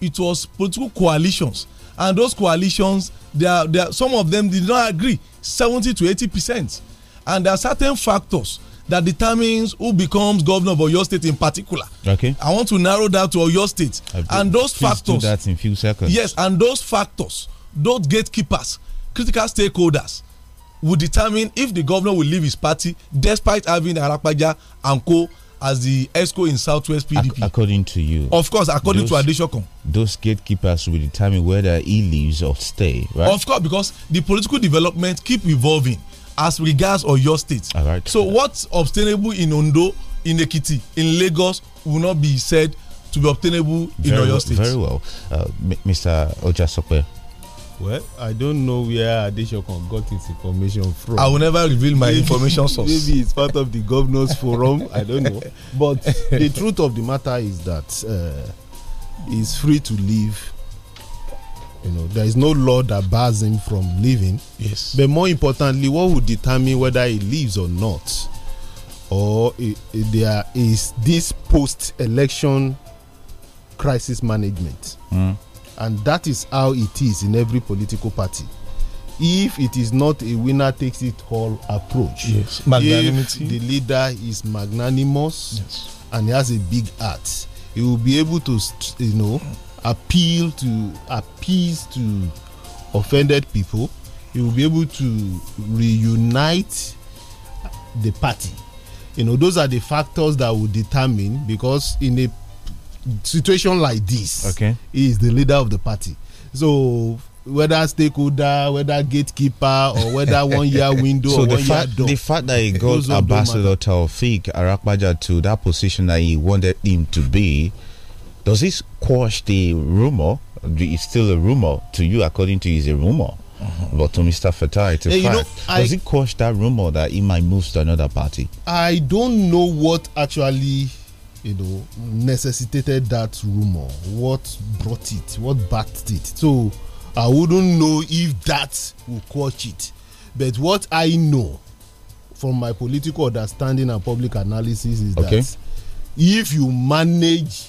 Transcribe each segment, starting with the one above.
it was political coalitions and those coalitions they are, they are, some of them did not agree seventy to eighty percent and there are certain factors that determines who becomes governor of Oyo State in particular. Okay. I want to narrow that to Oyo State. I've and those factors. do that in few seconds. Yes, and those factors, those gatekeepers, critical stakeholders, will determine if the governor will leave his party despite having Arapaja and co as the ESCO in Southwest PDP. Ac according to you. Of course, according those, to Adeshokon. Those gatekeepers will determine whether he leaves or stay, right? Of course, because the political development keep evolving as regards or your state. All right. So what's obtainable in Ondo, in Ekiti, in Lagos will not be said to be obtainable in your state. Very well. Uh, Mr. Ojasope, Well, I don't know where Adesokan got his information from. I will never reveal my information source. Maybe it's part of the governor's forum. I don't know. But the truth of the matter is that uh, he's free to leave. You know, there is no law that bars him from leaving. Yes. But more importantly, what would determine whether he leaves or not, or it, there is this post-election crisis management. Mm and that is how it is in every political party if it is not a winner takes it all approach yes magnanimity if the leader is magnanimous yes. and he has a big heart he will be able to you know appeal to appease to offended people he will be able to reunite the party you know those are the factors that will determine because in a situation like this okay. is the leader of the party. So whether stakeholder, whether gatekeeper, or whether one year window so or the one fact, year door. The fact that he got Ambassador Taufik Arakbaja to that position that he wanted him to be, does this quash the rumor? It's still a rumor to you, according to you, is a rumor. Uh-huh. But to Mr. Fatah, it's a hey, fact. Know, I, does it quash that rumor that he might move to another party? I don't know what actually you know, necessitated that rumor? What brought it? What backed it? So I wouldn't know if that will quash it. But what I know from my political understanding and public analysis is okay. that if you manage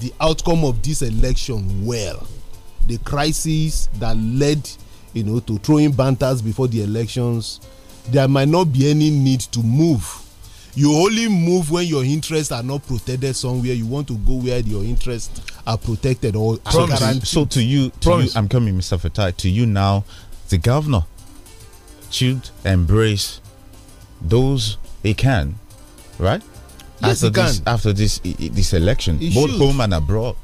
the outcome of this election well, the crisis that led, you know, to throwing banters before the elections, there might not be any need to move you only move when your interests are not protected somewhere you want to go where your interests are protected or so, to, so to you, to you i'm coming mr fatai to you now the governor should embrace those he can right yes, after this after this this election he both should. home and abroad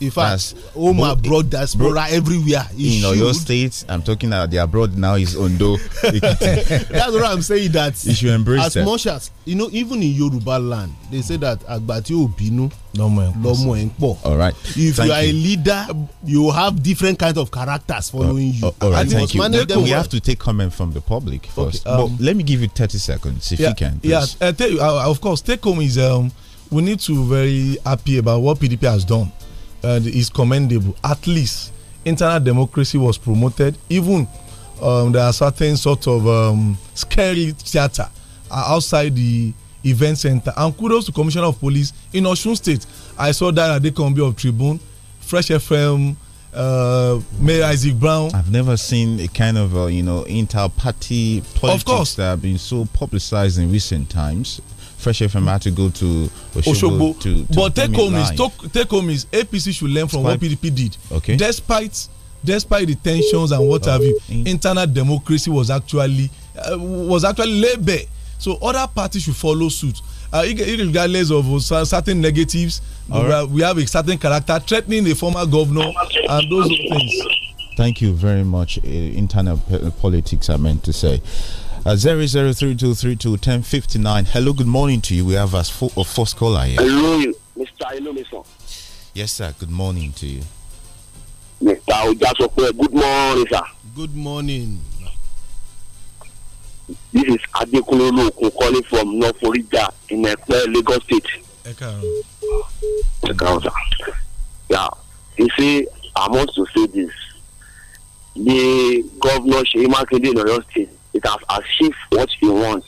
in fact home abroad diaspora everywhere in oyo state i'm talking about the abroad now is ondo that's why i'm saying that you should embrace as them. much as you know even in yoruba land they say that agbati obinu lomo enpo all right if thank you are a leader you have different kinds of characters following uh, you uh, all right thank you, we have to take comment from the public first okay, um, but let me give you 30 seconds if yeah, you can please. yeah uh, you, uh, of course take home is um, we need to very happy about what pdp has done and is commendable. At least internal democracy was promoted. Even um, there are certain sort of um, scary theater uh, outside the event center. And kudos to Commissioner of Police in Osun State. I saw that at the combine of Tribune, Fresh FM. Uh, Mayor Isaac Brown. I've never seen a kind of uh, you know inter-party politics that have been so publicized in recent times. Fresh FM had to go to Oshogbo, Oshobo. To, to but take home is take home is APC should learn from what PDP did. Okay. Despite despite the tensions and what have you, mm. internal democracy was actually uh, was actually laid bare. So other parties should follow suit. Uh, regardless of uh, certain negatives, right. we have a certain character threatening a former governor and those things. Thank you very much. Uh, internal politics, I meant to say. Uh, zero zero three two three two ten fifty nine. Hello, good morning to you. We have a fo first caller here. Hello, Mr. Mister. Yes, sir. Good morning to you. Mr. Ojasope, good morning, sir. Good morning. This is Adekunle Olokun calling from North Florida in Ekpe, Lagos State. Ekaro. Ekaro, sir. Yeah. You see, I want to say this. The governor, Shehima Kinde in Oyo State, it has achieved what you want.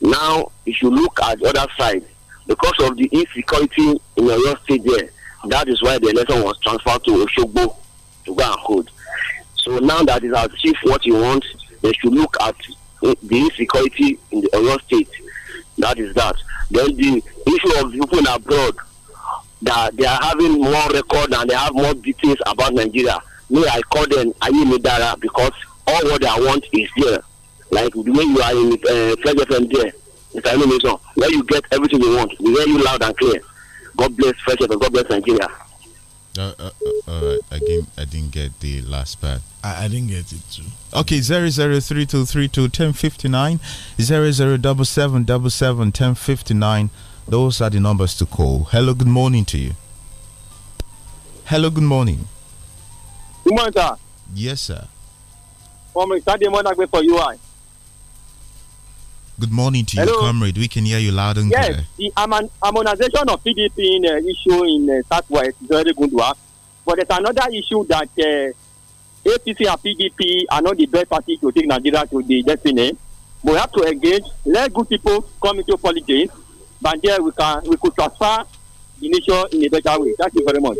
Now, if you look at the other side, because of the insecurity in Oyo State there, that is why the election was transferred to Oshogbo to go and hold. So now has achieved what you want, they should look at the insecurity in the Oyo State. That is that. Then the issue of people abroad that they are having more record and they have more details about Nigeria. Me, I call them Ayimidara because all what I want is there. Like when you are in uh, Flag FM there, Mr. Animation, where you get everything you want. We hear you loud and clear. God bless Fresh FM. God bless Nigeria. Uh, uh, uh, all right. Again, I didn't get the last part. I, I didn't get it too. Okay, zero zero three two three two ten fifty nine, zero zero double seven double seven ten fifty nine. Those are the numbers to call. Hello, good morning to you. Hello, good morning. Good morning, sir. Yes, sir for UI. Good morning to Hello. you, comrade. We can hear you loud and yes, clear. Yes, the harmonization of PDP in uh, issue in uh, Southwest is very good work. But there's another issue that uh, APC and PDP are not the best party to take Nigeria to the destiny. We have to engage, let good people come into politics, but there we can we could transfer the nation in a better way. Thank you very much.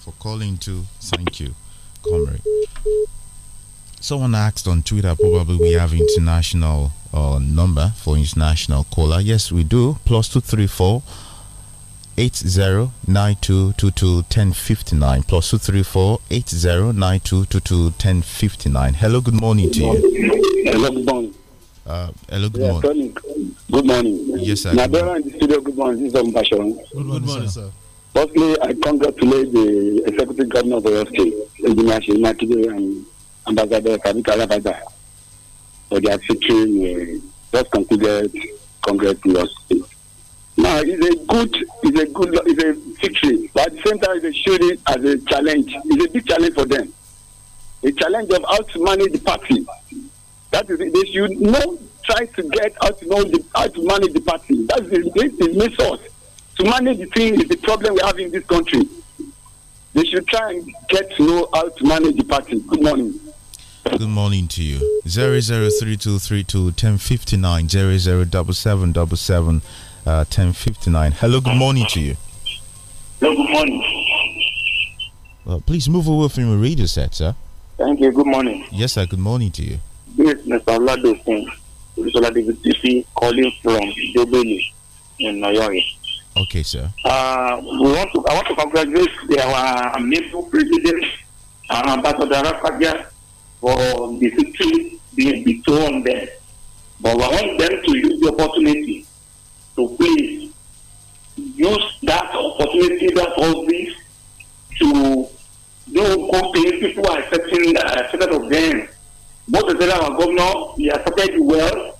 For calling too, thank you, comrade. Someone asked on Twitter, probably we have international uh, number for international caller. Yes, we do. Plus two three four eight zero nine two two two ten fifty nine. Plus two three four eight zero nine two two two ten fifty nine. Hello, good morning to you. Hello, good morning. Uh, hello, good morning. good morning. Yes, sir. Good morning. In the studio, good morning. This is Good morning, good morning sir. sir. Firstly, I congratulate the executive governor of the state, Engineer and Ambassador Kabika Labaga for their seeking uh, eh, just concluded Congress in Now, it's a good, it's a good, it's a victory, but at the same time, it's a as a challenge. It's a big challenge for them. A challenge of how to manage the party. That is, they should not try to get how to know the, how to manage the party. That's the, the main source. To manage the thing is the problem we have in this country. They should try and get to know how to manage the party. Good morning. Good morning to you. 0032321059 uh, 1059. Hello, good morning to you. Hello, good morning. Well, please move away from your radio set, sir. Thank you. Good morning. Yes, sir. Good morning to you. This Yes, Mr. Olado Singh. This calling from Dobeli in Noyoye. Okay, sir. Uh, we want to, I want to congratulate our uh, amazing president, uh, Ambassador Rafael for the victory being bestowed on them. But we want them to use the opportunity to please use that opportunity, that all this, to do good things. People are expecting uh, expected of them. Both the general and governor, he accepted it well.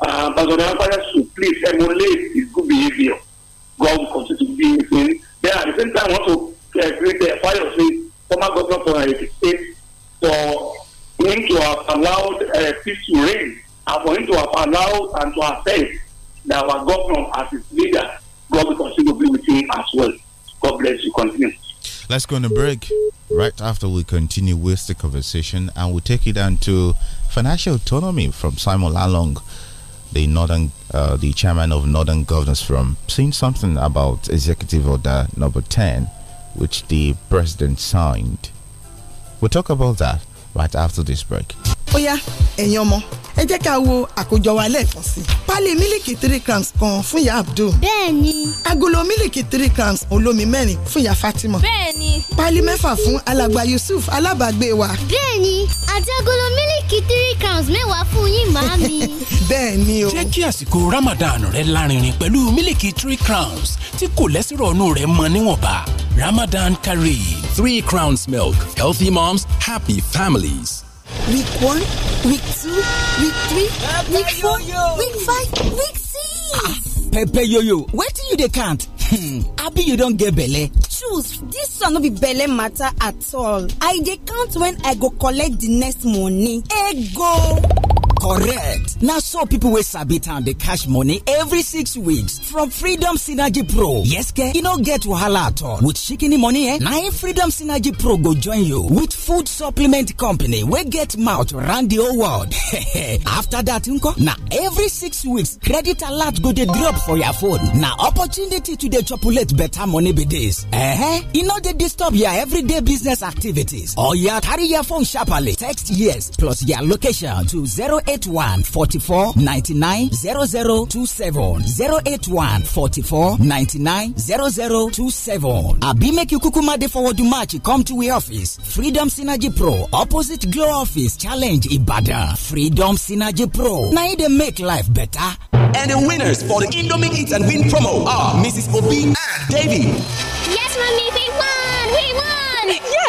Uh, but on the other should please emulate his good behavior. God will continue to be with Then at the same time, want to uh, create a fire of former governor for the state allowed uh, peace to reign and for him to have allowed and to accept that our governor as his leader, God will continue to be with him as well. God bless you. Continue. Let's go on a break. Right after we continue with the conversation and we'll take it down to financial autonomy from Simon Lalong, the northern, uh, the chairman of Northern Governors From Saying something about Executive Order Number Ten, which the president signed. We'll talk about that right after this break. ó yá ẹ̀yin ọmọ ẹ jẹ́ ká wo àkójọ wa lẹ́ẹ̀kan sí. pálí mílìkì three crowns kan fún ìyá Abdul. bẹ́ẹ̀ni. agolo mílìkì three crowns olómi mẹ́rin fún ìyá Fatima. bẹ́ẹ̀ni. pálí mẹ́fà fún alàgbà Yusuf alábàgbé wa. bẹ́ẹ̀ni àti agolo mílìkì kí three crowns mẹ́wàá fún yín màámi. bẹ́ẹ̀ ni o. jẹ́ kí àsìkò Ramadan rẹ lárinrin pẹ̀lú mílìkì three crowns tí kò lẹ́sìrò ọ̀nù rẹ̀ mọ níwọ̀nba Ramadan Kareem. three crowns milk healthy moms happy families. week one week two week three week four week five week six. ah pepper yoyo wetin you dey count. abi you don get belle choose dis one no be belle matter at all i dey count when i go collect the next money ego correct na so people wey sabi town dey cash money every six weeks from freedom synergy pro yes ke You no get wahala at all with shikini money eh na im freedom synergy pro go join you with food supplement company wey get mouth round the whole world after that nko na every six weeks credit alert go dey drop for your phone na opportunity to dey chopulate better money be dis eh You e no dey disturb your everyday business activities or your carry your phone sharply. text yes plus your location to 08 eight one forty four ninety nine zero zero two seven zero eight one forty four ninety nine zero zero two seven. Abi make you kukuma dey forward match. come to we office Freedom Synergy Pro opposite Glow Office Challenge Ibadan. Freedom Synergy Pro na e dey make life better. And the winners for the Indomie Eat and Win promo are Mrs. Obi and Davy. Yes, mommy.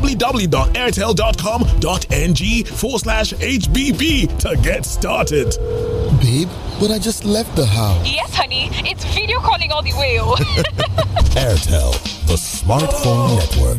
www.airtel.com.ng forward slash HBB to get started. Babe, but I just left the house. Yes, honey. It's video calling all the way. Oh. Airtel, the smartphone oh. network.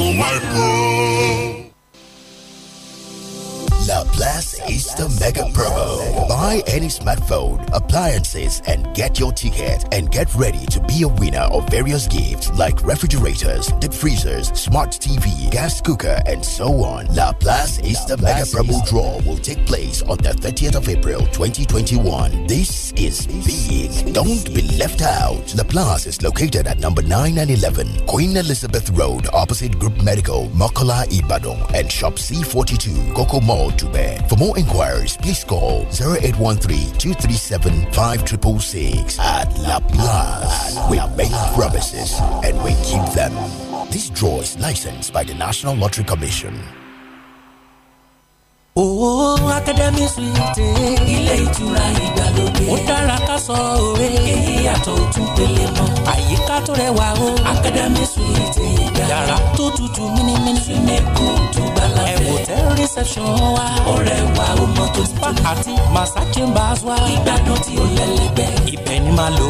Michael, Michael. La Place Easter Mega Promo. Buy any smartphone, appliances, and get your ticket and get ready to be a winner of various gifts like refrigerators, deep freezers, smart TV, gas cooker, and so on. La Place Easter La Mega Promo draw will take place on the 30th of April 2021. This is big. Don't be left out. The Place is located at number 9 and 11, Queen Elizabeth Road, opposite Group Medical, Mokola Ibadan, and Shop C42, Coco Mall. For more inquiries, please call 0813-237-5666 at La Paz. We make promises and we keep them. This draw is licensed by the National Lottery Commission. Oh wo Academy Suite. ilé ìtura ìgbàlódé. ó dára ká sọ òwe. èyí yàtọ̀ ojú pele mọ́. àyíká tó rẹwà o. Academy Suite ìgbà. yàrá tó tutù mímímí. sinimu tó gbala fẹ́. ẹ̀wò tẹ́ reception wa. ọ̀rẹ́ wa ó mọ tó ti tó. àti massa chambers wa. ìgbádùn tí ó lẹ́lẹ́gbẹ́. ibẹ̀ ni màá lò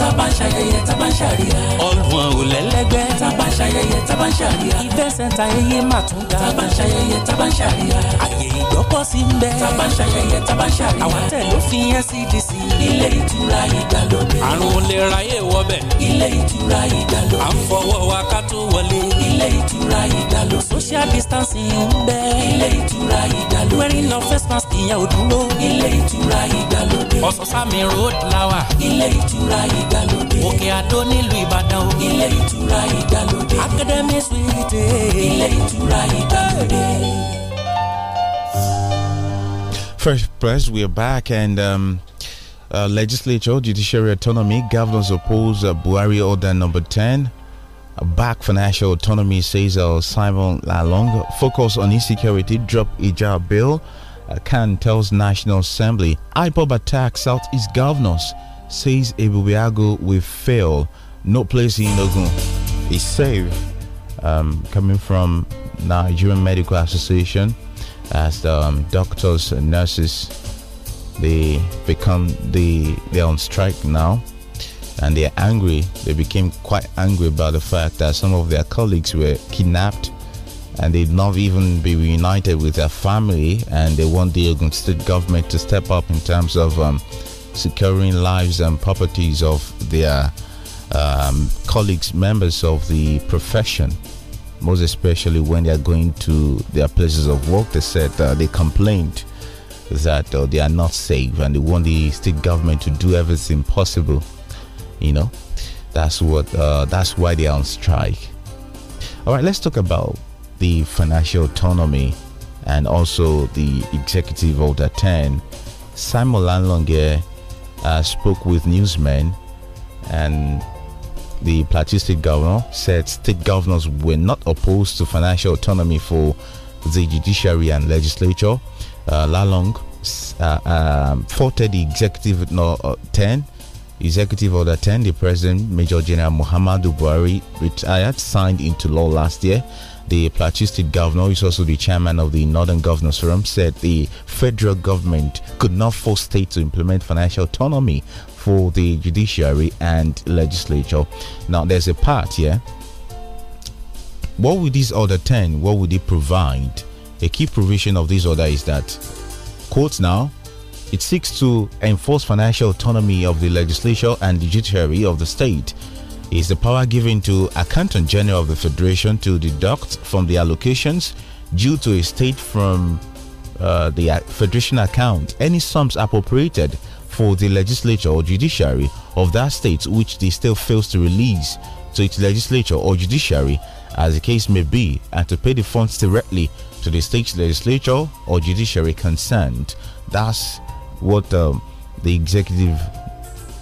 tábà ń ṣayẹyẹ tábà ń ṣàríyá. ọ̀gbun ò lẹ́lẹ́gbẹ́. tábà ń ṣayẹyẹ tábà ń ṣàríyá. ìfẹsẹ̀ta ẹyẹ ìgbọ́kọ̀ sí ń bẹ́. tábà ń ṣayẹyẹ tábà ń ṣàríyá. àwọn tẹ̀ ló fi NCDC. E ilé ìtura ìgbàlódé. àrùn olè ráyè wọbẹ̀. ilé ìtura ìgbàlódé. à ń fọwọ́ wa ká tó wọlé. ilé ìtura ìgbàlódé. social distancing ń bẹ́. ilé ìtura ìgbàlódé. wearing no face mask ìyẹn ò dúró. ilé ìtura ìgbàlódé. ọ̀sán-sámi road lawa. ilé ìtura ìgbàlódé. òkè àdó nílùú ìbàdàn o. ilé ìtura ìgbàlódé. academy suite. ilé ìtura ìgbàlódé. Fresh Press, we are back and um, uh, legislature, judiciary autonomy, governors oppose uh, Buhari order number 10. Uh, back financial autonomy, says uh, Simon Lalong. Focus on insecurity, drop hijab bill. Uh, Khan tells National Assembly. IPOB attack Southeast governors, says Ebubiago will fail. No place in Ogun is safe. Um, coming from Nigerian Medical Association as the, um, doctors and nurses they become the they're on strike now and they're angry they became quite angry about the fact that some of their colleagues were kidnapped and they'd not even be reunited with their family and they want the Ogun state government to step up in terms of um, securing lives and properties of their um, colleagues members of the profession most especially when they are going to their places of work. They said uh, they complained that uh, they are not safe and they want the state government to do everything possible. You know, that's what uh, that's why they are on strike. All right, let's talk about the financial autonomy and also the executive order 10. Simon Lanlonge uh, spoke with newsmen and the Plateau State governor, said state governors were not opposed to financial autonomy for the judiciary and legislature. Uh, Lalong uh, um, faulted the executive no, uh, 10 Executive Order 10, the President, Major General Muhammadu Buhari, retired, signed into law last year. The Plateau State Governor, who is also the chairman of the Northern Governors Forum, said the federal government could not force states to implement financial autonomy for the judiciary and legislature. Now, there's a part here. What would this Order 10, what would it provide? A key provision of this order is that, quote now, it seeks to enforce financial autonomy of the legislature and judiciary of the state. It is the power given to Accountant General of the Federation to deduct from the allocations due to a state from uh, the Federation account any sums appropriated for the legislature or judiciary of that state which the state fails to release to its legislature or judiciary as the case may be and to pay the funds directly to the state legislature or judiciary concerned. That's what um, the executive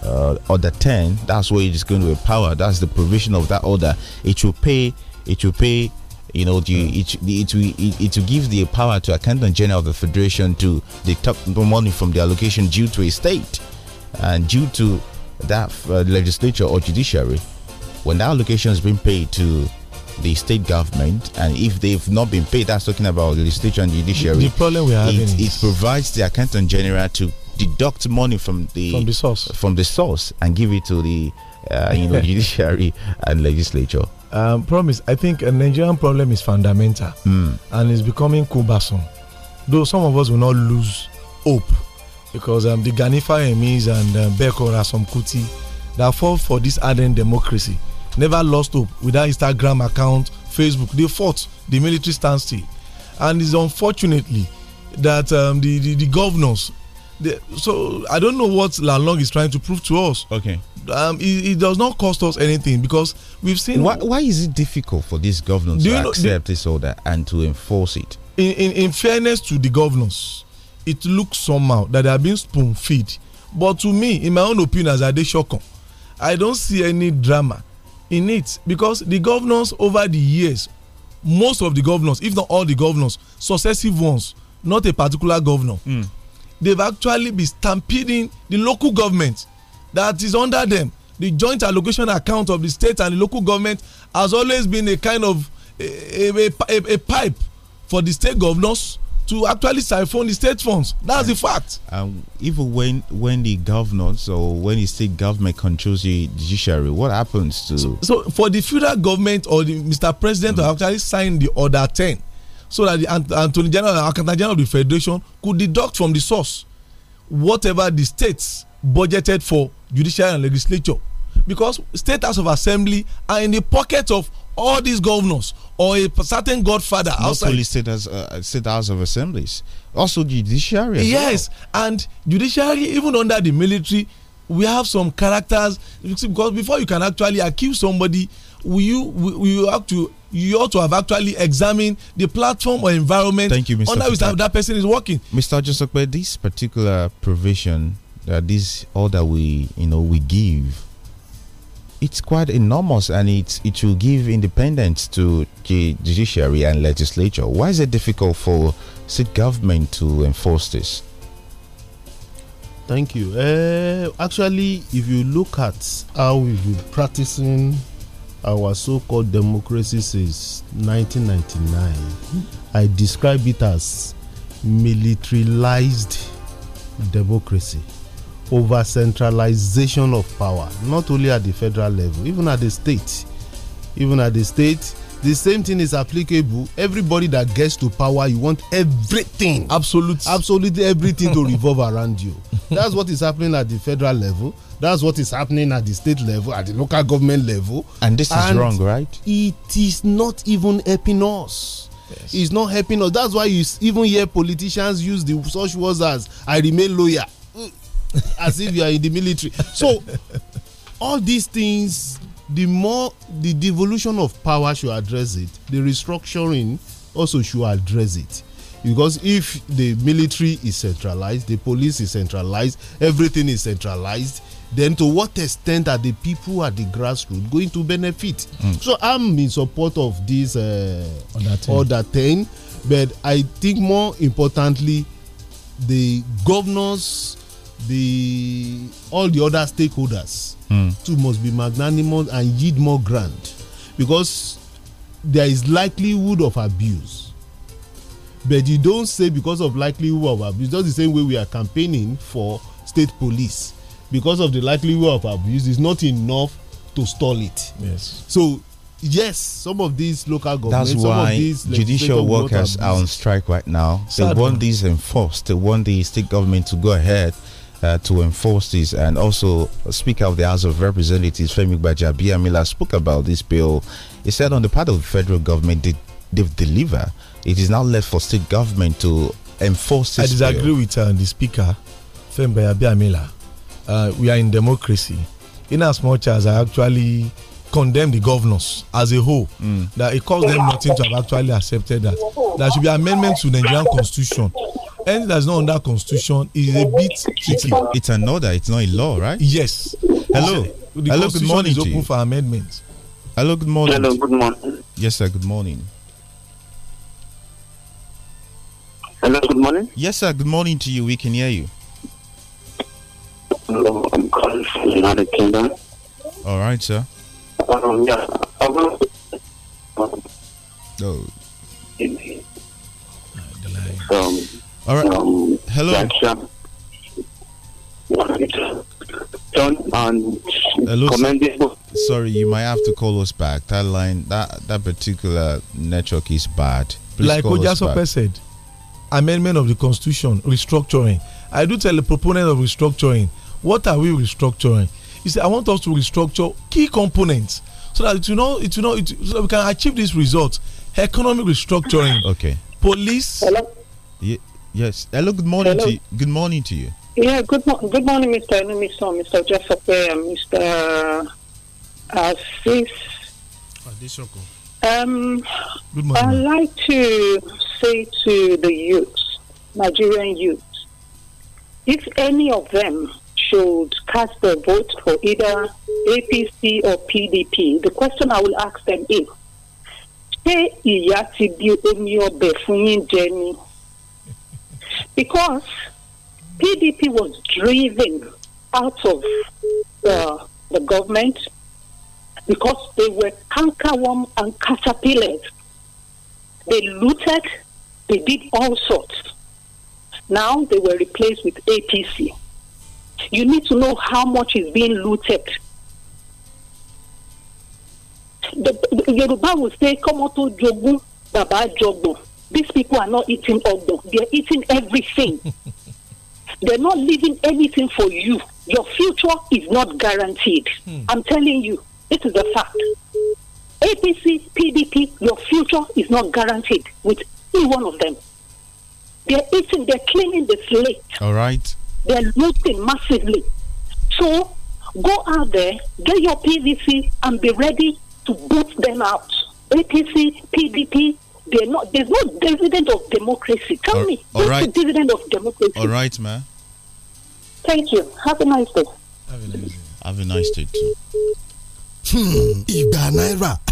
uh, order 10 that's where it is going to empower that's the provision of that order it will pay it will pay you know the, mm. it, it, will, it, it will give the power to accountant general of the federation to deduct money from the allocation due to a state and due to that uh, legislature or judiciary when that allocation is being paid to the state government, and if they've not been paid, that's talking about the legislature and judiciary. The, problem we are it, having it provides the accountant general to deduct money from the from the source from the source and give it to the uh, you know judiciary and legislature. Um, promise, I think a Nigerian problem is fundamental mm. and it's becoming cumbersome. Though some of us will not lose hope because um, the Ganifa Emis and um, Bekor Kuti that fall for this ardent democracy never lost hope with that Instagram account, Facebook. They fought the military standstill, and it's unfortunately that um, the, the, the governors. so I don't know what Lalong is trying to prove to us. Okay. Um, it, it, does not cost us anything because we've seen. Why, why is it difficult for these governors to know, accept the, this order and to enforce it? In, in, in fairness to the governors, it looks somehow that they are being spoon fed. But to me, in my own opinion, as a shocker, I don't see any drama in it because the governors over the years most of the governors if not all the governors successive ones not a particular governor mm. they've actually been stampeding the local government that is under them the joint allocation account of the state and the local government has always been a kind of a, a, a, a pipe for the state governors to actually siphon the state funds. That's and, the fact. And even when when the governor, so when the state government controls the judiciary, what happens to? So, so for the federal government or the Mr. President mm. to actually sign the order ten, so that the Attorney General and General of the Federation could deduct from the source whatever the states budgeted for judiciary and legislature, because state house of assembly are in the pocket of all these governors or a certain godfather Not outside. only state, as, uh, state house of assemblies, also judiciary. yes, well. and judiciary even under the military, we have some characters because before you can actually accuse somebody, you you have to you ought to have actually examined the platform or environment Thank you, Mr. under which that person is working. Mr. Joseph, this particular provision, that uh, this all that we you know we give it's quite enormous and it, it will give independence to the judiciary and legislature. Why is it difficult for state government to enforce this? Thank you. Uh, actually, if you look at how we've been practicing our so called democracy since 1999, I describe it as militarized democracy over centralization of power, not only at the federal level, even at the state. Even at the state, the same thing is applicable. Everybody that gets to power, you want everything. Absolute. Absolutely everything to revolve around you. That's what is happening at the federal level. That's what is happening at the state level, at the local government level. And this and is wrong, right? It is not even helping us. Yes. It's not helping us. That's why you even hear politicians use the such words as I remain loyal as if you are in the military. So, all these things, the more the devolution of power should address it, the restructuring also should address it. Because if the military is centralized, the police is centralized, everything is centralized, then to what extent are the people at the grassroots going to benefit? Mm. So I'm in support of this uh, order 10. but I think more importantly, the governors the all the other stakeholders mm. too must be magnanimous and yield more grant because there is likelihood of abuse but you don't say because of likelihood of abuse just the same way we are campaigning for state police because of the likelihood of abuse is not enough to stall it yes so yes some of these local governments that's why judicial workers are on strike right now they want this enforced they want the state government to go ahead uh, to enforce this. And also, Speaker of the House of Representatives, Femi Gbajabiamila, spoke about this bill. He said on the part of the federal government, they, they've delivered. It is now left for state government to enforce this. I disagree bill. with uh, the Speaker, Femi Gbajabiamila. Uh, we are in democracy. In as much as I actually condemn the governors as a whole mm. that it costs them nothing to have actually accepted that there should be amendments to the nigerian constitution anything that's not under constitution is a bit tricky. It's an order. It's not a law, right? Yes. Hello. The Hello. Good morning. Is open for amendments. Hello. Good morning. Hello. Good morning. Yes, sir. Good morning. Hello. Good morning. Yes, sir. Good morning to you. We can hear you. Hello. I'm calling from the United Kingdom. All right, sir. Um, yeah. Oh. Um, all right. Um, Hello. Um, Hello, commendable. Sorry, you might have to call us back. That line, that that particular network is bad. Please like Ojasope said, amendment of the constitution, restructuring. I do tell the proponent of restructuring, what are we restructuring? He said, I want us to restructure key components so that it will it will it, so that we can achieve this result. Economic restructuring. Okay. Police. Hello. Yeah. Yes. Hello. Good morning Hello. to you. Good morning to you. Yeah. Good morning. Good morning, Mr. Enumiso, Mr. Joseph, Mr. Uh, Asif. Adisoko. Um, good morning. I'd like to say to the youths, Nigerian youths, if any of them should cast their vote for either APC or PDP, the question I will ask them is. ṣé ìyá ti di omi ọbẹ̀ fún yín jẹ ni because PDP was driven out of the, the government because they were cankerworm and caterpillars. They looted, they did all sorts. Now they were replaced with APC. You need to know how much is being looted. The, the Yoruba will say, Komoto jogu, Baba jogu." These people are not eating all the They're eating everything. They're not leaving anything for you. Your future is not guaranteed. Hmm. I'm telling you, this is a fact. APC, PDP, your future is not guaranteed with any one of them. They're eating, they're cleaning the slate. All right. They're looting massively. So go out there, get your PVC, and be ready to boot them out. APC, PDP, they're not, there's no dividend of democracy. Tell all, me, all right. the dividend of democracy? All right, man. Thank you. Have a nice day. Have a nice day. Have a nice day too. Hmm.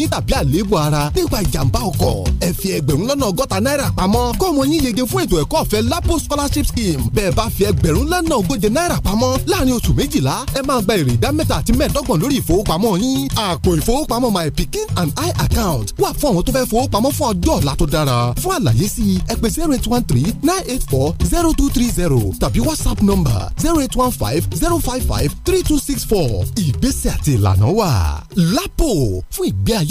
y yín tàbí àléébù ara nípa ìjàmbá ọkọ̀ ẹ fi ẹgbẹ̀rún lọ́nà ọgọ́ta náírà pamọ́ kọ́mọ yín yege fún ètò ẹ̀kọ́ ọ̀fẹ́ lapo scholarship scheme bẹ́ẹ̀ bá fi ẹgbẹ̀rún lọ́nà ogóje náírà pamọ́ láàrin oṣù méjìlá ẹ máa gba èrè ìdá mẹ́ta àti mẹ́ẹ̀ẹ́dọ́gbọ̀n lórí ìfowópamọ́ yín àpò ìfowópamọ́ my pikin and i account wà fún àwọn tó fẹ́ fowópamọ́ fún ọjọ́ ọ̀la tó dára fún àlàyé sí i zero eight one three nine eight four zero two three zero tàbí whatsapp number zero eight one five zero five five three two six four ìgbésẹ̀ àti ìlànà wà lápò fún ìgbé ayé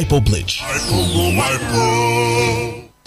hypo bleach. Hypo, hypo.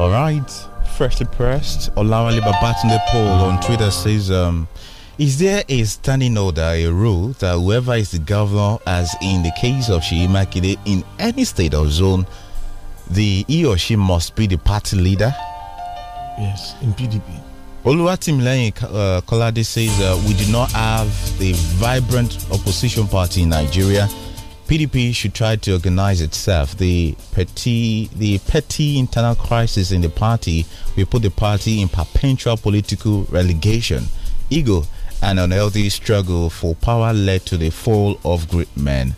All right, freshly pressed. Olawale Babatunde the poll on Twitter says, um, "Is there a standing order, a rule that whoever is the governor, as in the case of Shimakide, in any state or zone, the he or she must be the party leader?" Yes, in PDP. Oluwatimileyin uh, Kolade says, uh, "We do not have a vibrant opposition party in Nigeria." PDP should try to organize itself. The petty, the petty internal crisis in the party will put the party in perpetual political relegation, ego, and unhealthy struggle for power led to the fall of great men.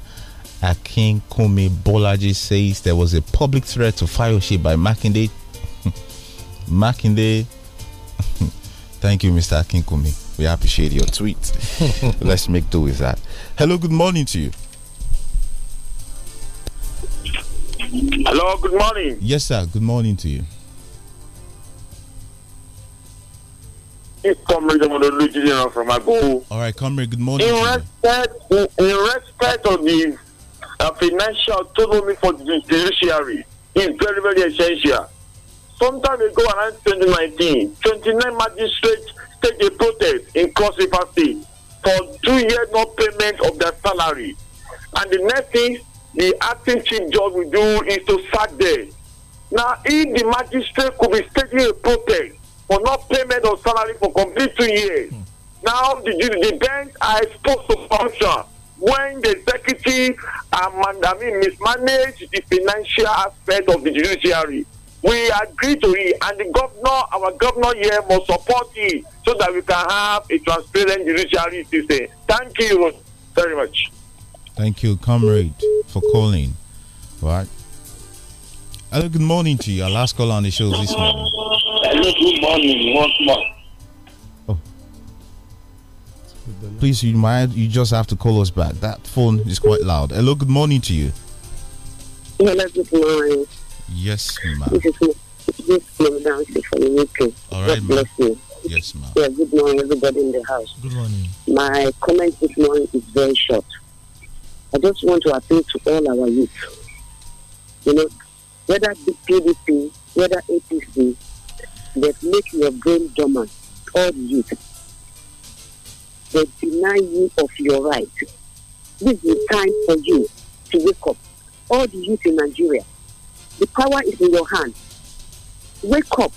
Akin Kumi Bolaji says there was a public threat to fireship by Makinde. Makinde. Thank you, Mr. Akin Kumi. We appreciate your tweet. Let's make do with that. Hello, good morning to you. Hello, good morning. Yes, sir. Good morning to you. It's Comrade Omodolu from All right, Comrade, good morning. In respect, in, in respect of the uh, financial autonomy for the judiciary is very, very essential. Sometime ago, around 2019, 29 magistrates take a protest in court for two years no payment of their salary. And the next thing, the acting chief judge will do is to sack them. Now, if the magistrate could be staging a protest for not payment of salary for complete two years, mm. now the, the, banks are exposed to function when the executive um, and, I mean, mismanage the financial aspect of the judiciary. We agree to it, and the governor, our governor here, must support it so that we can have a transparent judiciary system. Thank you very much. Thank you, comrade, for calling. Right. Hello, good morning to you. Our last call on the show this morning. Hello, good morning once more. Oh. Please, you might you just have to call us back. That phone is quite loud. Hello, good morning to you. Hello, good morning. Yes, ma'am. This is Miss Nancy from the UK. All right, right, ma'am. Yes, ma'am. Yeah, good morning, everybody in the house. Good morning. My comment this morning is very short. I just want to appeal to all our youth. You know, whether PDP, whether APC, that make your brain dormant, all youth. They deny you of your right. This is time for you to wake up. All the youth in Nigeria, the power is in your hands. Wake up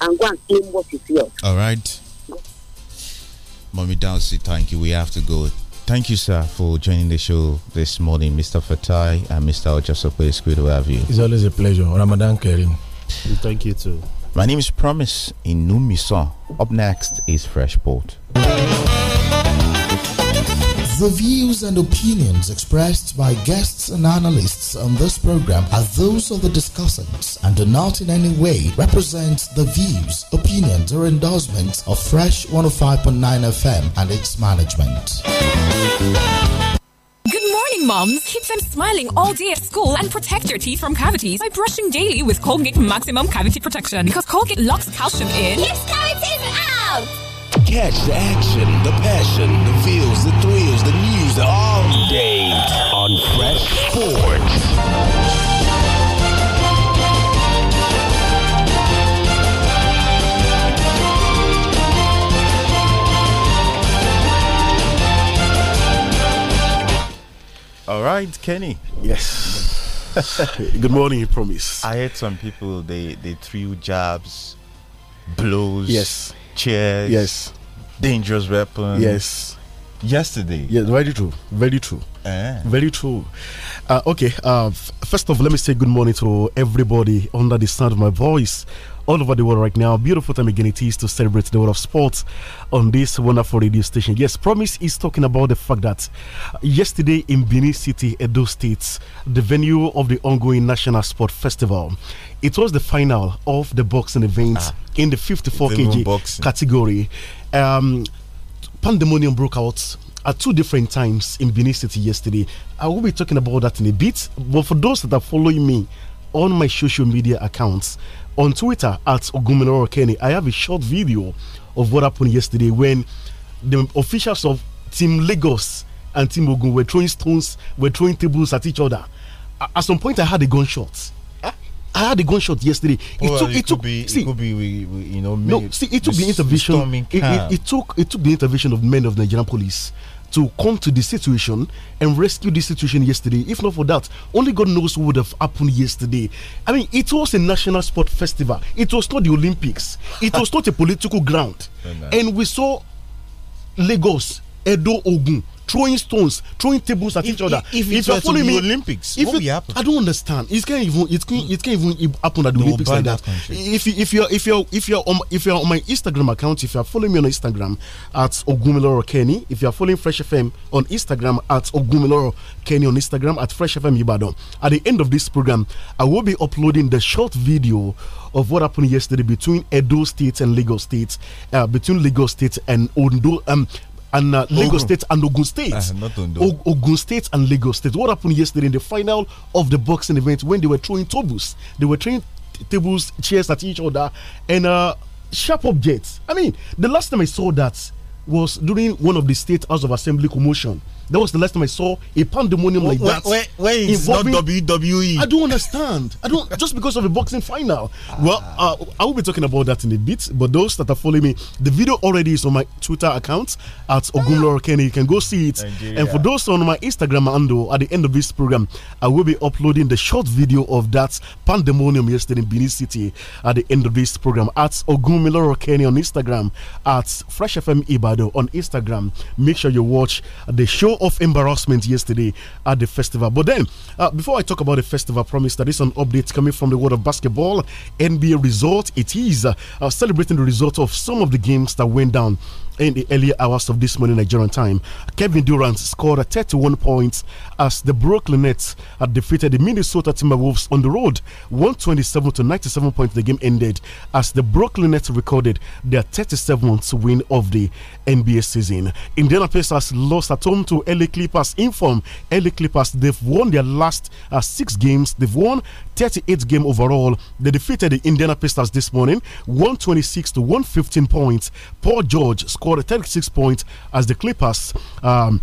and go and claim what is yours. All right. Mommy Dancy, thank you. We have to go. Thank you, sir, for joining the show this morning, Mr. Fatai and Mr. Ojasope. It's great to have you. It's always a pleasure. Ramadan Kareem. Thank you, too. My name is Promise Inumison. Up next is Fresh Port. The views and opinions expressed by guests and analysts on this program are those of the discussants and do not in any way represent the views, opinions, or endorsements of Fresh 105.9 FM and its management. Good morning, moms. Keep them smiling all day at school and protect your teeth from cavities by brushing daily with Colgate Maximum Cavity Protection because Colgate locks calcium in. Yes, cavity. Catch the action, the passion, the feels, the thrills, the news all day on Fresh Sports. All right, Kenny. Yes. Good morning, you promise. I heard some people they they threw jabs, blows, yes, cheers, yes, dangerous weapon. Yes. Yesterday. Yes, very true. Very true. Eh. Very true. Uh, okay. Uh, first of all, let me say good morning to everybody under the sound of my voice all over the world right now. Beautiful time again it is to celebrate the world of sports on this wonderful radio station. Yes, Promise is talking about the fact that yesterday in Benin City, Edo State, the venue of the ongoing National Sport Festival, it was the final of the boxing event ah, in the 54 kg boxing. category. Um, pandemonium broke out at two different times in Benin City yesterday. I will be talking about that in a bit. But for those that are following me on my social media accounts, on Twitter at Ogumenoro Kenny, I have a short video of what happened yesterday when the officials of Team Lagos and Team Ogun were throwing stones, were throwing tables at each other. At some point, I had a gunshot. I had a gunshot yesterday. Well, it oh, took. It, it took. Be, see, it could be. We, we, you know. No, see, it took the intervention. It, it, it took. It took the intervention of men of Nigerian police to come to the situation and rescue the situation yesterday. If not for that, only God knows what would have happened yesterday. I mean, it was a national sport festival. It was not the Olympics. It was not a political ground, oh, and we saw Lagos Edo Ogun throwing stones, throwing tables at if, each other. If, if, if you're following me, Olympics, if it, I don't understand. It can't even it can it can't even happen at the no, Olympics like that. If you, if you're if you're if you're on if you're on my Instagram account, if you're following me on Instagram at Ogumiloro Kenny, if you're following Fresh FM on Instagram at Ogumiloro Kenny on Instagram at Fresh FM Ibadan. At the end of this program, I will be uploading the short video of what happened yesterday between Edo State and Lagos State, uh, between Lagos State and Ondo, um, and uh, Lagos State and Ogun State. Uh, not Ogun State and Lagos State. What happened yesterday in the final of the boxing event when they were throwing tables? They were throwing tables, chairs at each other, and uh, sharp objects. I mean, the last time I saw that was during one of the State House of Assembly commotion that was the last time I saw a pandemonium like that. Where, where is not WWE? I don't understand. I don't just because of a boxing final. Ah. Well, uh, I will be talking about that in a bit. But those that are following me, the video already is on my Twitter account at Ogunloro Kenny. You can go see it. And for those on my Instagram handle, at the end of this program, I will be uploading the short video of that pandemonium yesterday in Benin City. At the end of this program, at Ogunloro Kenny on Instagram, at Fresh FM Ibado on Instagram. Make sure you watch the show of embarrassment yesterday at the festival. But then, uh, before I talk about the festival, I promise that is an update coming from the world of basketball. NBA result. It is uh, uh, celebrating the result of some of the games that went down in the early hours of this morning Nigerian time. Kevin Durant scored 31 points as the Brooklyn Nets had defeated the Minnesota Timberwolves on the road 127 to 97 points. The game ended as the Brooklyn Nets recorded their 37th win of the NBA season. Indiana Pacers lost at home to LA Clippers Inform LA Clippers they've won their last uh, 6 games. They've won 38 game overall. They defeated the Indiana Pacers this morning 126 to 115 points. Paul George scored scored 36 points as the Clippers um,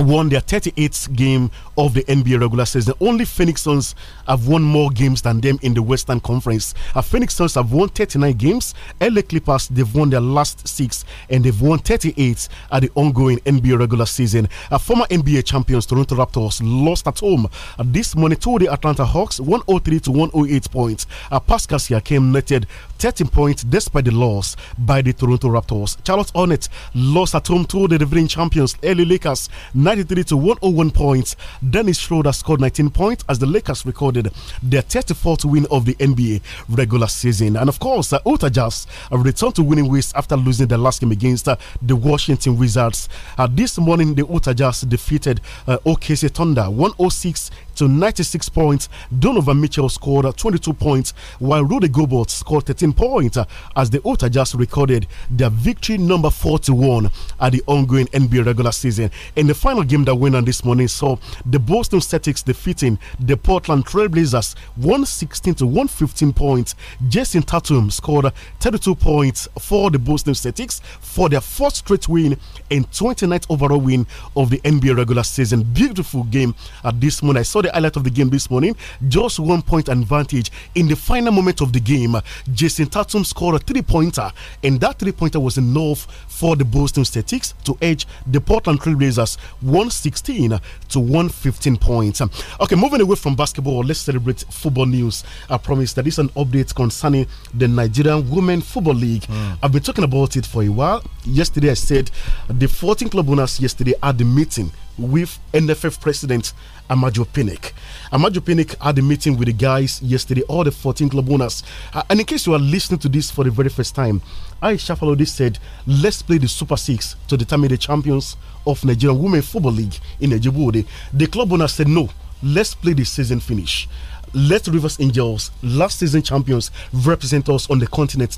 won their 38th game of the NBA regular season. Only Phoenix Suns have won more games than them in the Western Conference. Uh, Phoenix Suns have won 39 games. LA Clippers, they've won their last six and they've won 38 at the ongoing NBA regular season. Uh, former NBA champions Toronto Raptors lost at home uh, this morning to the Atlanta Hawks 103 to 108 points. Uh, Pascal Siakam netted 13 points despite the loss by the Toronto Raptors. Charlotte Hornets lost at home to the reigning champions LA Lakers 93 to 101 points. Dennis Schroeder scored 19 points as the Lakers recorded their 34th win of the NBA regular season. And of course, uh, Utah Jazz returned to winning ways after losing their last game against uh, the Washington Wizards. Uh, this morning, the Utah Jazz defeated uh, OKC Thunder 106 to 96 points. Donovan Mitchell scored 22 points, while Rudy Gobert scored 13 points uh, as the Utah Jazz recorded their victory number 41 at the ongoing NBA regular season. In the final game that went on this morning saw the Boston Celtics defeating the Portland Trailblazers 116 to 115 points. Jason Tatum scored 32 points for the Boston Celtics for their fourth straight win and 29th overall win of the NBA regular season. Beautiful game at uh, this moment. I saw the highlight of the game this morning. Just one point advantage in the final moment of the game. Jason Tatum scored a three pointer, and that three pointer was enough for the Boston Celtics to edge the Portland Trailblazers 116 to 115 points. Okay, moving away from basketball, let's celebrate football news. I promise that is an update concerning the Nigerian Women Football League. Mm. I've been talking about it for a while. Yesterday, I said the 14 club owners yesterday had the meeting with NFF president Amadio Pinnick. Amadio Pinnick had a meeting with the guys yesterday, all the 14 club owners. Uh, and in case you are listening to this for the very first time, Aisha Falodi said, let's play the Super Six to determine the champions of Nigerian Women Football League in Djibouti. The club owners said, no, let's play the season finish let Rivers Angels, last season champions, represent us on the continent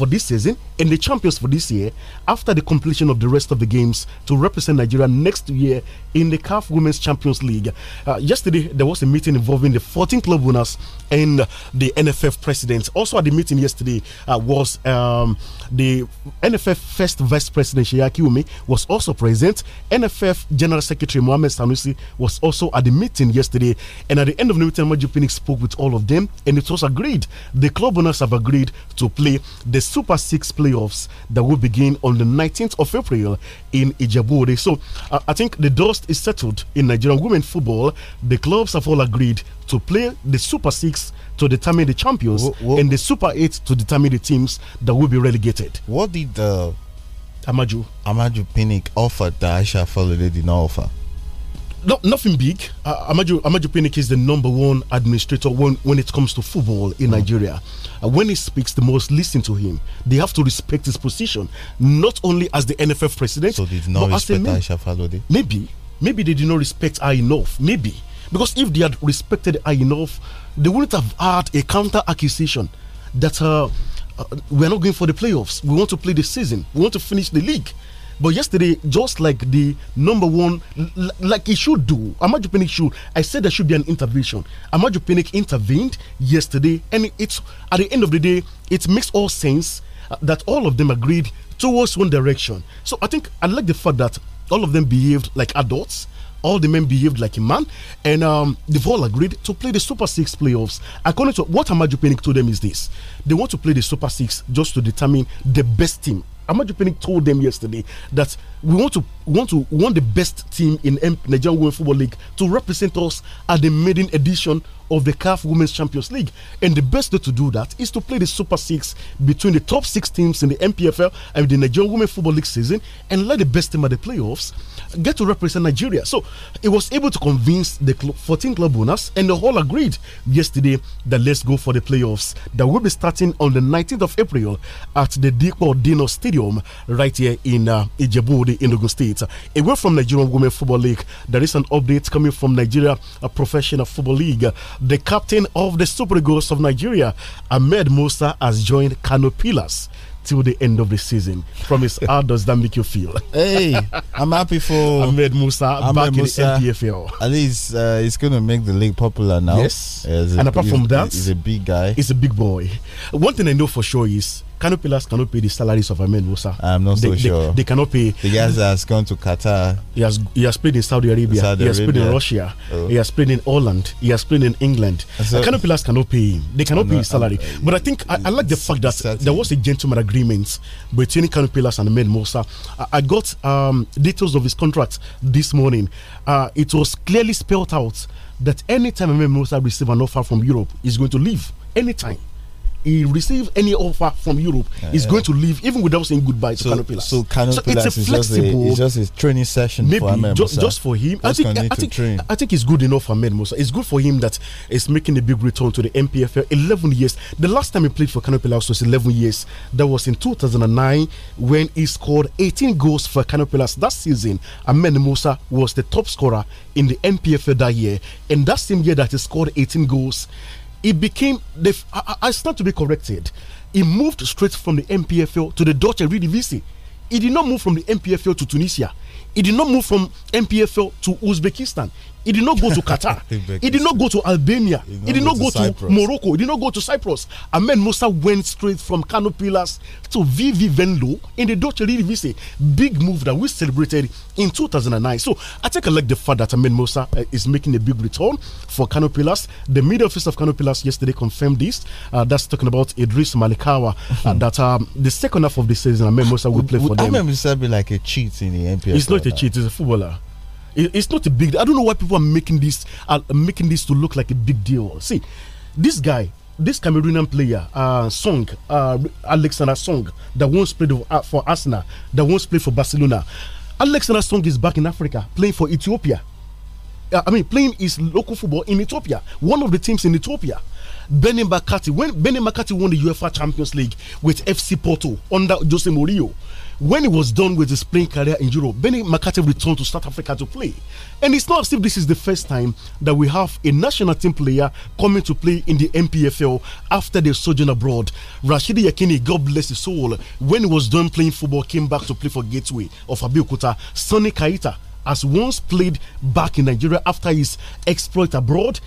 for this season and the champions for this year after the completion of the rest of the games to represent Nigeria next year in the CAF Women's Champions League. Uh, yesterday, there was a meeting involving the 14 club owners and the NFF president. Also, at the meeting yesterday uh, was um, the NFF first vice president Shiaki Umi was also present. NFF General Secretary Mohamed Sanusi was also at the meeting yesterday. And at the end of the meeting, Majupinik spoke with all of them, and it was agreed. The club owners have agreed to play the. Super Six playoffs that will begin on the 19th of April in Ijebuode. So uh, I think the dust is settled in Nigerian women football. The clubs have all agreed to play the Super Six to determine the champions and the Super Eight to determine the teams that will be relegated. What did the Amaju Amaju Pinnick offer that Aisha Folade did not offer? No, nothing big. Uh, Amaju Amaju Pinnick is the number one administrator when when it comes to football in mm. Nigeria when he speaks, the most listen to him. They have to respect his position, not only as the NFF president. So they did not respect Aisha Falode? Maybe. Maybe they did not respect her enough. Maybe. Because if they had respected her enough, they wouldn't have had a counter accusation that uh, uh, we're not going for the playoffs. We want to play the season. We want to finish the league. But yesterday, just like the number one, like he should do, Amaju Pinnick should. I said there should be an intervention. Amaju Pinnick intervened yesterday, and it's at the end of the day, it makes all sense uh, that all of them agreed towards one direction. So I think I like the fact that all of them behaved like adults all the men behaved like a man, and um, they've all agreed to play the Super Six playoffs. According to what Amaju Pinnick told them is this: they want to play the Super Six just to determine the best team Amaju Pinnick told them yesterday that we want to we want to we want the best team in M Nigerian Women Football League to represent us at the maiden edition of the CAF Women's Champions League. And the best way to do that is to play the Super Six between the top six teams in the MPFL and the Nigerian Women Football League season, and let the best team at the playoffs get to represent Nigeria. So it was able to convince the 14 club owners, and the all agreed yesterday that let's go for the playoffs that will be starting on the 19th of April at the Dikpo Dino Stadium right here in uh, Ijebu the Indigo State. Away from Nigerian Women Football League, there is an update coming from Nigeria a Professional Football League. The captain of the Super Eagles of Nigeria, Ahmed Musa, has joined Kano till the end of the season. Promise, how does that make you feel? hey, I'm happy for Ahmed Musa Ahmed back Musa, in the NPFL. At least uh, he's going to make the league popular now. Yes, and apart big, from that, he's a big guy. He's a big boy. One thing I know for sure is Canopilas cannot pay the salaries of Ahmed Musa. I'm not they, so they, sure. They cannot pay. The guy has gone to Qatar. He has he has played in Saudi Arabia. Saudi he has Arabia. played in Russia. Oh. He has played in Holland. He has played in England. So, Canopilas cannot pay him. They cannot I'm pay not, his salary. I'm, uh, but I think I, I, like the fact that certain. there was a gentleman agreement between Canopilas and Ahmed Musa. I, I got um, details of his contract this morning. Uh, it was clearly spelled out that anytime Ahmed Musa receives an offer from Europe, he's going to leave anytime he receives any offer from Europe, yeah, he's yeah. going to leave even without saying goodbye so, to Canopilas. So Canopilas so it's a flexible, is just a, it's just training session maybe for just, just for him. Just I think I, I think I think it's good enough for Ahmed Musa. It's good for him that he's making a big return to the MPFL. Eleven years. The last time he played for Canopilas was eleven years. That was in 2009 when he scored 18 goals for Canopilas. That season, Ahmed Musa was the top scorer in the MPFL that year, and that same year that he scored 18 goals he became the. I, I stand to be corrected. He moved straight from the MPFL to the Dutch Eredivisie. He did not move from the MPFL to Tunisia. He did not move from MPFL to Uzbekistan. He did not go to Qatar. he did not go to Albania. He, did not go, to, to, Morocco. He did not go to Cyprus. Ahmed Musa went straight from Kano Pillars to VV Venlo in the Dutch Eredivisie. Big move that we celebrated in 2009. So I take a like the fact that Ahmed Musa uh, is making a big return for Kano Pillars. The media office of Kano Pillars yesterday confirmed this. Uh, that's talking about Idris Malikawa. uh, that um, the second half of the season, Ahmed Musa will play for would them. Ahmed Musa be like a cheat in the NPL. He's not a cheat. He's a footballer. It's not a big deal. I don't know why people are making this are making this to look like a big deal. See, this guy, this Cameroonian player, uh, Song, uh, Alexander Song, that once played for uh, Arsenal, that once played for Barcelona. Alexander Song is back in Africa playing for Ethiopia. Uh, I mean, playing his local football in Ethiopia, one of the teams in Ethiopia. Benny Makati, when Benny Makati won the UEFA Champions League with FC Porto under Jose Mourinho, when he was done with his playing career in Europe, Benny McCarthy returned to South Africa to play. And it's not as if this is the first time that we have a national team player coming to play in the MPFL after their sojourn abroad. Rashidi Yakini, God bless his soul, when he was done playing football, came back to play for Gateway of Abeokuta. Sonny Kaita has once played back in Nigeria after his exploit abroad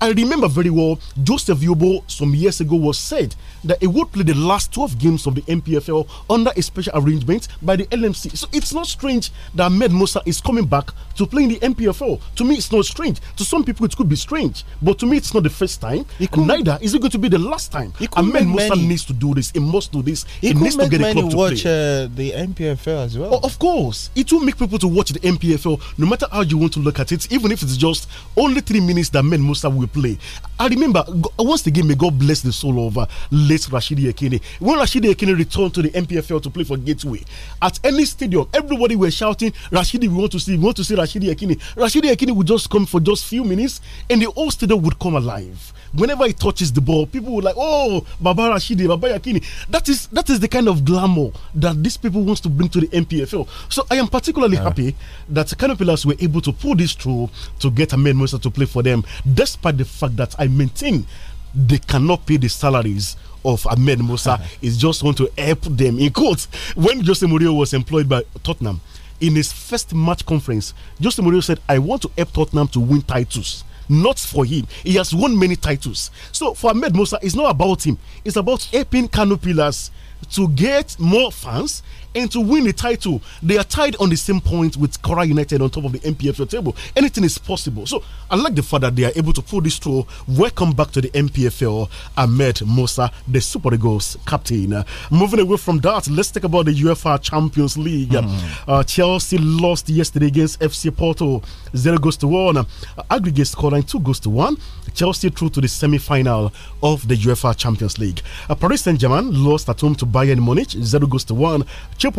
I remember very well Joseph Yobo some years ago was said that he would play the last 12 games of the MPFL under a special arrangement by the LMC. So it's not strange that Med Musa is coming back to play in the MPFL. To me, it's not strange. To some people, it could be strange, but to me, it's not the first time. It could Neither is it going to be the last time. Ahmed Musa many. needs to do this. He must do this. He, he needs to get a club to watch, play. Uh, the MPFL as well. Oh, of course, it will make people to watch the MPFL, no matter how you want to look at it. Even if it's just only three minutes that Med Musa we play. I remember, once again, may God bless the soul of uh, late Rashidi Akini. When Rashidi Akini returned to the MPFL to play for Gateway, at any stadium, everybody were shouting, Rashidi, we want to see, we want to see Rashidi Akini." Rashidi Akini would just come for just few minutes and the whole stadium would come alive. Whenever he touches the ball, people would like, oh, Baba Rashidi, Baba Yakini. That is, that is the kind of glamour that these people wants to bring to the MPFL. So I am particularly happy that Canopilas were able to pull this through to get Ahmed Musa to play for them, despite despite the fact that I maintain they cannot pay the salaries of Ahmed Musa. Uh -huh. just want to help them. In quotes, when Jose Mourinho was employed by Tottenham, in his first match conference, Jose Mourinho said, I want to help Tottenham to win titles. Not for him. He has won many titles. So for Ahmed Musa, it's not about him. It's about helping Canopilas to get more fans and to win the title. They are tied on the same point with Cora United on top of the MPFL table. Anything is possible. So I like the fact that they are able to pull this through. Welcome back to the MPFL, Ahmed Musa, the Super Eagles captain. Uh, moving away from that, let's talk about the UEFA Champions League. Mm. Uh, Chelsea lost yesterday against FC Porto, 0 goes to 1. Uh, aggregate scoreline 2 goes to 1. Chelsea through to the semi final of the UEFA Champions League. A uh, Paris Saint Germain lost at home to Bayern Munich, 0 goes to 1.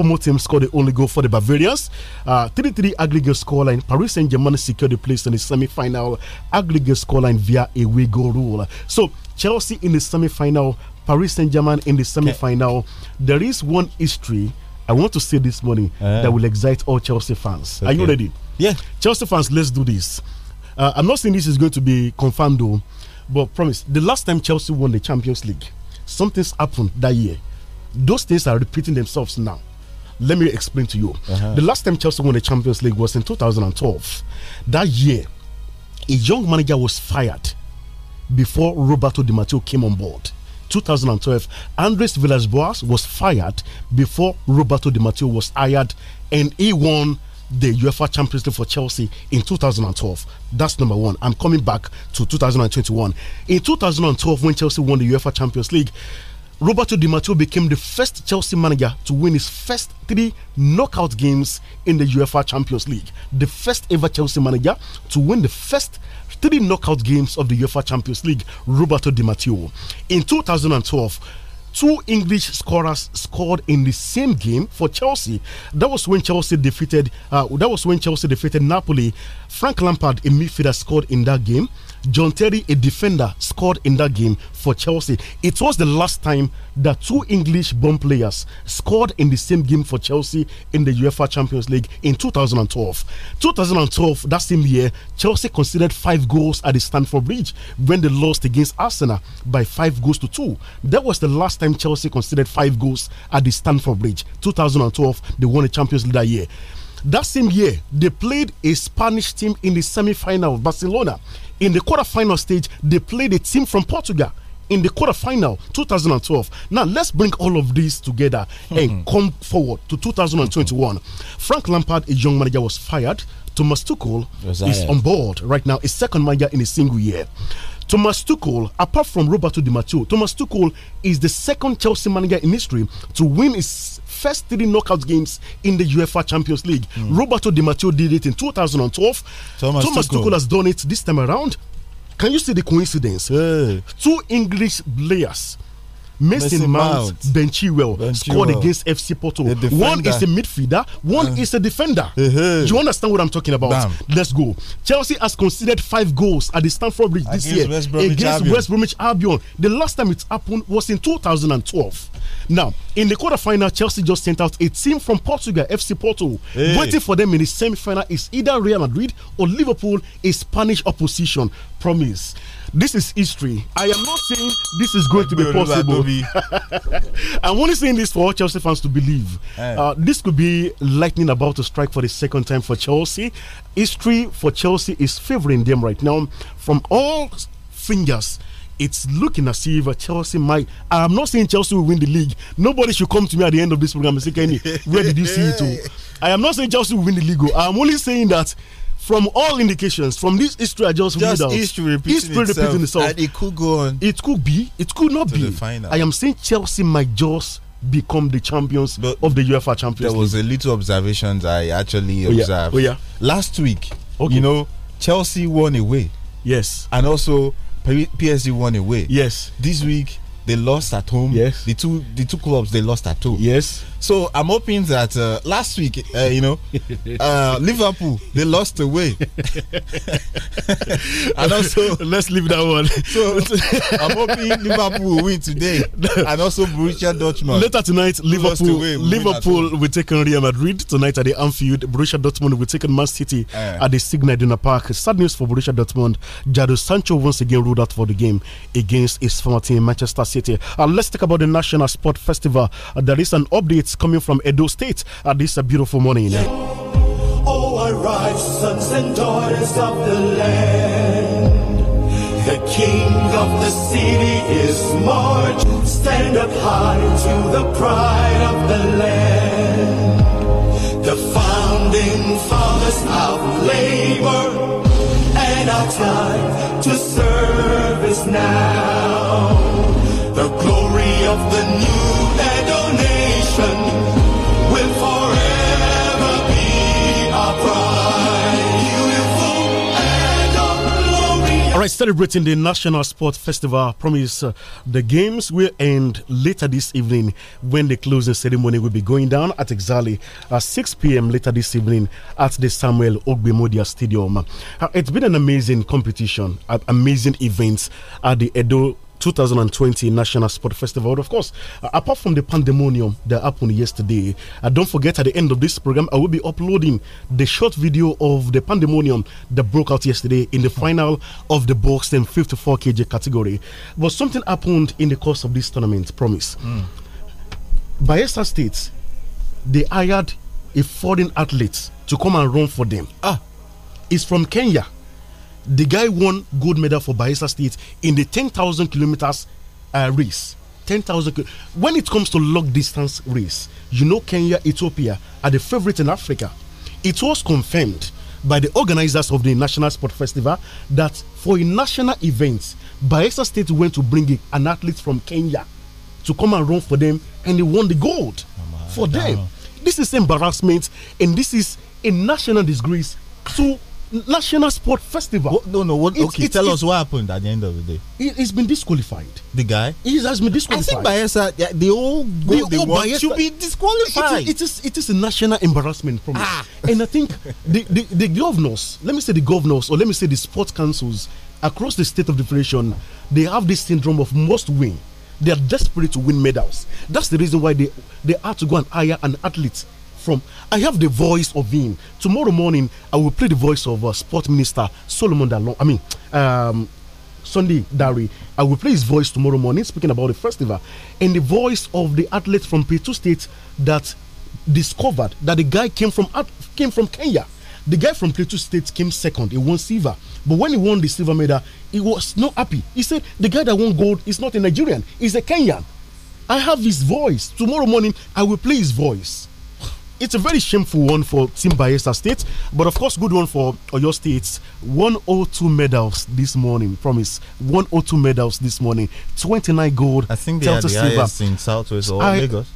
Motim scored the only goal for the Bavarians. Uh, 3 3 aggregate scoreline. Paris Saint Germain secured the place in the semi final aggregate scoreline via a away goal rule. So, Chelsea in the semi final, Paris Saint Germain in the semi final. Okay. There is one history. I want to say this morning uh -huh. that will excite all Chelsea fans. Okay. Are you ready? Yeah. Chelsea fans, let's do this. Uh, I'm not saying this is going to be confirmed though, but promise. The last time Chelsea won the Champions League, something's happened that year. Those things are repeating themselves now. Let me explain to you. Uh -huh. The last time Chelsea won the Champions League was in 2012. That year, a young manager was fired before Roberto Di Matteo came on board. 2012, Andres Villas-Boas was fired before Roberto Di Matteo was hired, and he won the UEFA Champions League for Chelsea in 2012. That's number one. I'm coming back to 2021. In 2012, when Chelsea won the UEFA Champions League, Roberto Di Matteo became the first Chelsea manager to win his first three knockout games in the UEFA Champions League. The first ever Chelsea manager to win the first three knockout games of the UEFA Champions League, Roberto Di Matteo. In 2012, two English scorers scored in the same game for Chelsea. That was when Chelsea defeated. Uh, that was when Chelsea defeated Napoli. Frank Lampard, a midfielder, scored in that game. John Terry, a defender, scored in that game for Chelsea. It was the last time that two English born players scored in the same game for Chelsea in the UEFA Champions League in 2012. 2012, that same year, Chelsea conceded five goals at the Stamford Bridge when they lost against Arsenal by five goals to two. That was the last time Chelsea conceded five goals at the Stamford Bridge. 2012, they won the Champions League that year. That same year, they played a Spanish team in the semi final of Barcelona. In the quarterfinal stage, they played a team from Portugal in the quarterfinal 2012. Now let's bring all of this together mm -hmm. and come forward to 2021. Mm -hmm. Frank Lampard, a young manager, was fired. Thomas Tuchel is on board right now, a second manager in a single year. Thomas Tuchel, apart from Roberto Di Matteo, Thomas Tuchel is the second Chelsea manager in history to win his first three knockout games in the UEFA Champions League. Mm. Roberto Di Matteo did it in 2012. Thomas, Thomas Tuchel. Tuchel has done it this time around. Can you see the coincidence? Two English players Mason Mount, Benchiwell ben scored against FC Porto. One is a midfielder, one uh. is a defender. Uh -huh. you understand what I'm talking about? Damn. Let's go. Chelsea has conceded five goals at the Stamford Bridge this year West against Albion. West Bromwich Albion. The last time it happened was in 2012. Now, in the quarterfinal, Chelsea just sent out a team from Portugal, FC Porto. Hey. Waiting for them in the semi final is either Real Madrid or Liverpool, a Spanish opposition. Promise this is history. I am not saying this is going to be possible. I'm only saying this for all Chelsea fans to believe. Eh. Uh, this could be lightning about to strike for the second time for Chelsea. History for Chelsea is favoring them right now. From all fingers, it's looking as if Chelsea might. I'm not saying Chelsea will win the league. Nobody should come to me at the end of this program and say, Kenny, where did you see it? I am not saying Chelsea will win the league. Oh. I'm only saying that from all indications, from this history I just, just read out, history repeating, history itself, repeating itself. And it could go on. It could be. It could not be. I am saying Chelsea might just become the champions but of the UEFA Champions. There was a little observations I actually oh, observed. Yeah. Oh, yeah. Last week, okay. you know, Chelsea won away. Yes. And also PSG won away. Yes. This week they lost at home. Yes. The two the two clubs they lost at home. Yes. So I'm hoping that uh, last week, uh, you know, uh, Liverpool they lost away, and also let's leave that one. so I'm hoping Liverpool will win today, and also Borussia Dortmund. Later tonight, Liverpool away, Liverpool will take on Real Madrid tonight at the Anfield. Borussia Dortmund will take on Man City eh. at the Signal Iduna Park. Sad news for Borussia Dortmund. Jadon Sancho once again ruled out for the game against his former team Manchester City. And let's talk about the National Sport Festival. there is an update it's coming from Edo State at uh, this uh, beautiful morning. Oh, arise, sons and daughters of the land. The king of the city is marching. Stand up high to the pride of the land. The founding fathers of labor and our time to serve is now. The glory of the new All right, celebrating the National Sport Festival. promise uh, the games will end later this evening when the closing ceremony will be going down at exactly uh, 6 p.m. later this evening at the Samuel Ogbemodia Stadium. Uh, it's been an amazing competition, amazing events at the Edo 2020 National Sport Festival. Of course, uh, apart from the pandemonium that happened yesterday, uh, don't forget at the end of this program, I will be uploading the short video of the pandemonium that broke out yesterday in the final of the boxing 54 kg category. But something happened in the course of this tournament, promise. Mm. states they hired a foreign athlete to come and run for them. Ah, it's from Kenya the guy won gold medal for Bayelsa State in the 10,000 kilometers uh, race. 10,000. When it comes to long distance race, you know Kenya, Ethiopia are the favorite in Africa. It was confirmed by the organizers of the National Sport Festival that for a national event, Bayelsa State went to bring an athlete from Kenya to come and run for them, and they won the gold for them. This is embarrassment, and this is a national disgrace to National Sport Festival. What, no, no. What, okay, tell us what happened at the end of the day. He, has been disqualified. The guy. He has been disqualified. I think Bayelsa, yeah, the all go. They, they want to be disqualified. It is, it is. It is a national embarrassment me. ah. And I think the, the the governors. Let me say the governors, or let me say the sports councils across the state of the federation, they have this syndrome of must win. They are desperate to win medals. That's the reason why they they have to go and hire an athlete from. I have the voice of him. Tomorrow morning, I will play the voice of uh, Sport Minister Solomon Dalong. I mean, um, Sunday Dari. I will play his voice tomorrow morning speaking about the festival and the voice of the athlete from Plateau State that discovered that the guy came from came from Kenya. The guy from Plateau State came second. He won silver, but when he won the silver medal, he was not happy. He said, "The guy that won gold is not a Nigerian; he's a Kenyan." I have his voice. Tomorrow morning, I will play his voice it's a very shameful one for Team Bayelsa State, but of course, good one for Oyo State. 102 medals this morning, promise. 102 medals this morning. 29 gold. I think they are the silver. highest in Southwest or I, Lagos.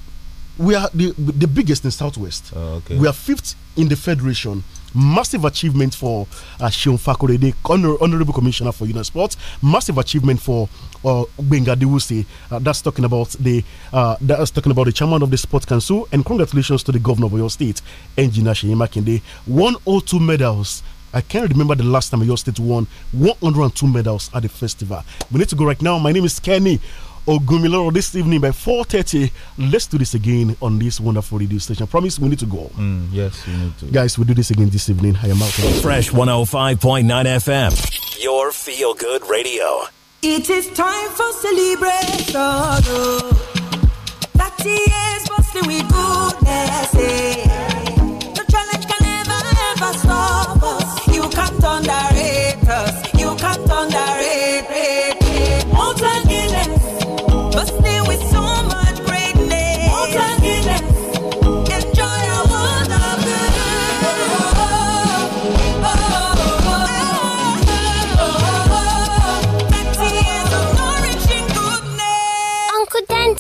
We are the, the biggest in Southwest. Oh, okay. We are fifth in the Federation. Massive achievement for uh, Shion Fakorede, Honor Honorable Commissioner for Sports. Massive achievement for uh, Benga Dewuse. Uh, that's talking about the uh, that's talking about the chairman of the Sports Council. And congratulations to the governor of your state, Engineer one or 102 medals I can't remember the last time your State won 102 medals at the festival. We need to go right now. My name is Kenny Ogumiloro this evening by 4.30. Let's do this again on this wonderful radio station. Promise we need to go. Mm, yes, we need to. Guys, we'll do this again this evening. I am out. Fresh 105.9 FM, your feel good radio. It is time for celebration. Oh. 30 years with goodness. Eh. No challenge can ever, ever stop us. You can't turn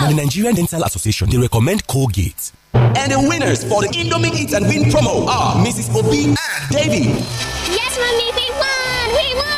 Now, the Nigerian Dental Association, they recommend Colgate. And the winners for the Indomie Eat and Win promo are Mrs. Obi and Davy. Yes, Mommy, we won! We won!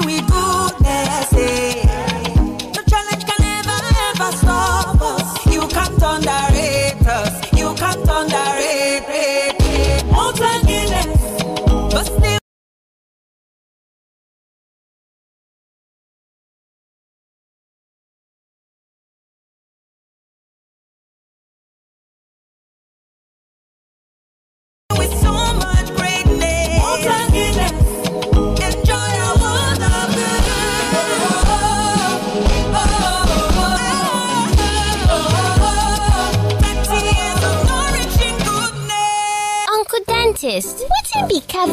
we do goodness.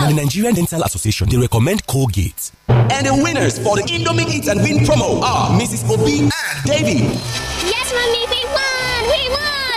Now, the Nigerian Dental Association, they recommend Colgate. And the winners for the Indomie Eat and Win promo are Mrs. Obi and Davy. Yes, Mommy, we won! We won!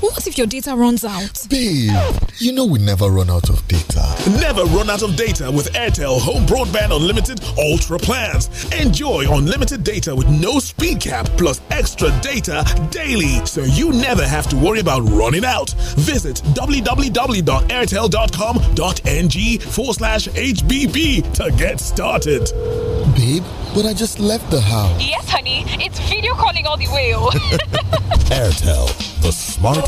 What if your data runs out? Babe, you know we never run out of data. Never run out of data with Airtel Home Broadband Unlimited Ultra plans. Enjoy unlimited data with no speed cap plus extra data daily so you never have to worry about running out. Visit www.airtel.com.ng forward slash HBB to get started. Babe, but I just left the house. Yes, honey. It's video calling all the way. Oh. Airtel, the smart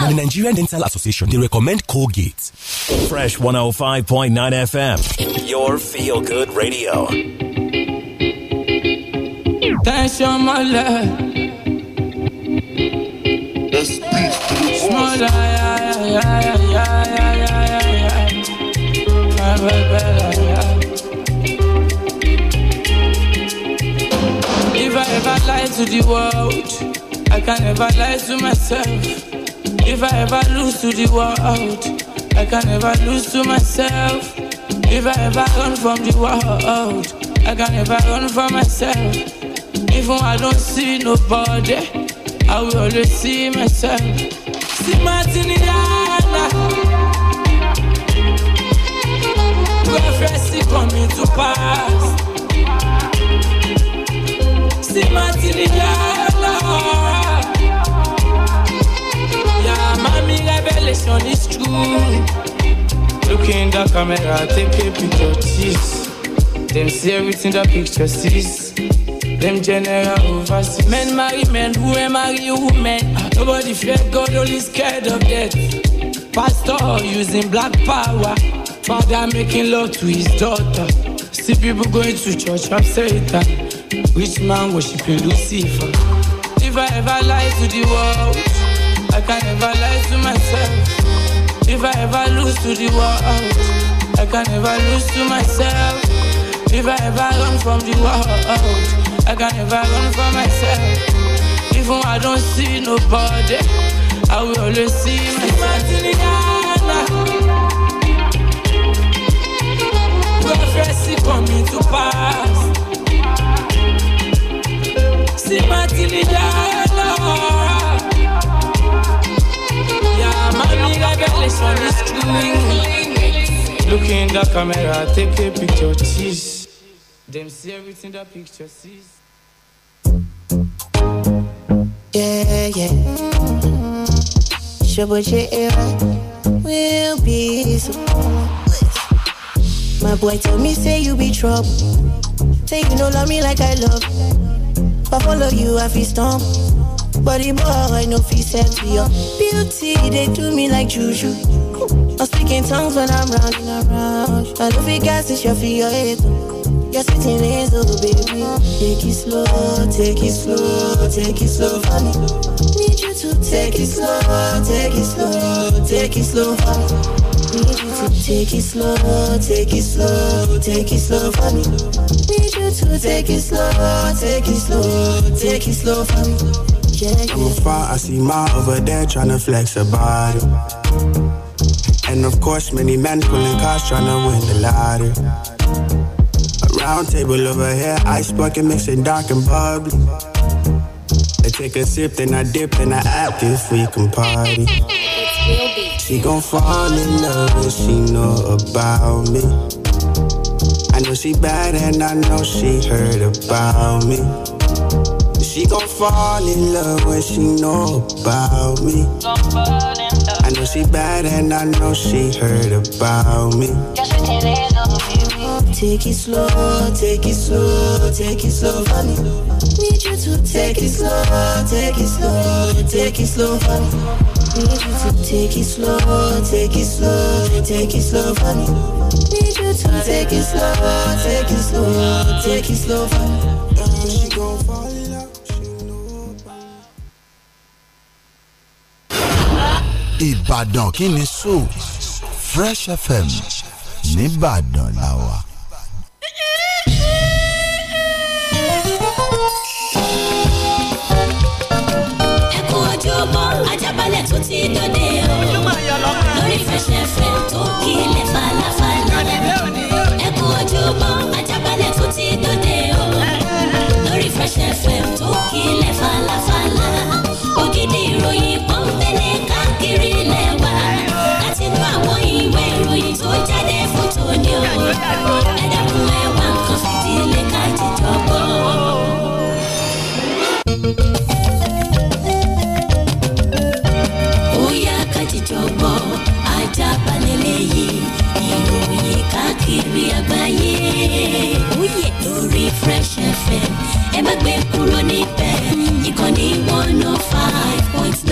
Now, the Nigerian Dental Association, they recommend Colgate. Fresh 105.9 FM, your feel good radio. Thanks, your mother. That speaks to the if I ever lie to the world, I can never lie to myself. If I ever lose to the world, I can never lose to myself. If I ever run from the world, I can never run from myself. Even I don't see nobody, I will always see myself. See Martin Indiana. Prophecy coming to pass. See Martin Indiana. on is true. Look in the camera, take a picture, cheese. Them see everything the picture sees. Them general overseas. Men marry men, women marry women. Nobody fear God, only scared of death. Pastor using black power. Father making love to his daughter. See people going to church of Satan. Rich man worshiping Lucifer. If I ever lie to the world. I can never lie to myself. If I ever lose to the world, I can never lose to myself. If I ever run from the world, I can never run from myself. Even I don't see nobody, I will always see myself. prophecy coming to pass. See my Look in the camera, take a picture, cheese. Them see everything that picture sees. Yeah, yeah. Show what Shaboche will be so. My boy tell me say you be trouble. Say you no love me like I love. If I follow you, I feel stumble. Body boy, no fee said to your beauty, they do me like juju. I'm speaking tongues when I'm rounding around. I don't it's gas is your head. you're sitting in so baby. Take it slow, take it slow, take it slow for me. Need you to take it slow, take it slow, take it slow for me. Need you to take it slow, take it slow, take it slow for me. Need you to take it slow, take it slow, take it slow for me yeah, yeah. far, I see my over there trying to flex a body. And of course, many men pulling cars trying to win the lottery. A round table over here, ice bucket mixing dark and bubbly. I take a sip, then I dip, then I act if we can party. She gon' fall in love if she know about me. I know she bad and I know she heard about me. She gon' fall in love when she know about me. I know she bad and I know she heard about me. Take it slow, take it slow, take it slow for me. Need you to take it slow, take it slow, take it slow for me. Need you to take it slow, take it slow, take it slow for me. Need you to take it slow, take it slow, take it slow for me. Ìbàdàn kí ni so Fresh FM nìbàdàn la wà. ẹ kú ojúmọ́ ajábalẹ̀ tó ti dòde o lórí Fresh FM tó kílẹ̀ falafala. káàkiri àgbáyé. Oyè lórí Fresh FM ẹ má gbé kúrò níbẹ̀ ìkànnì one oh five point nine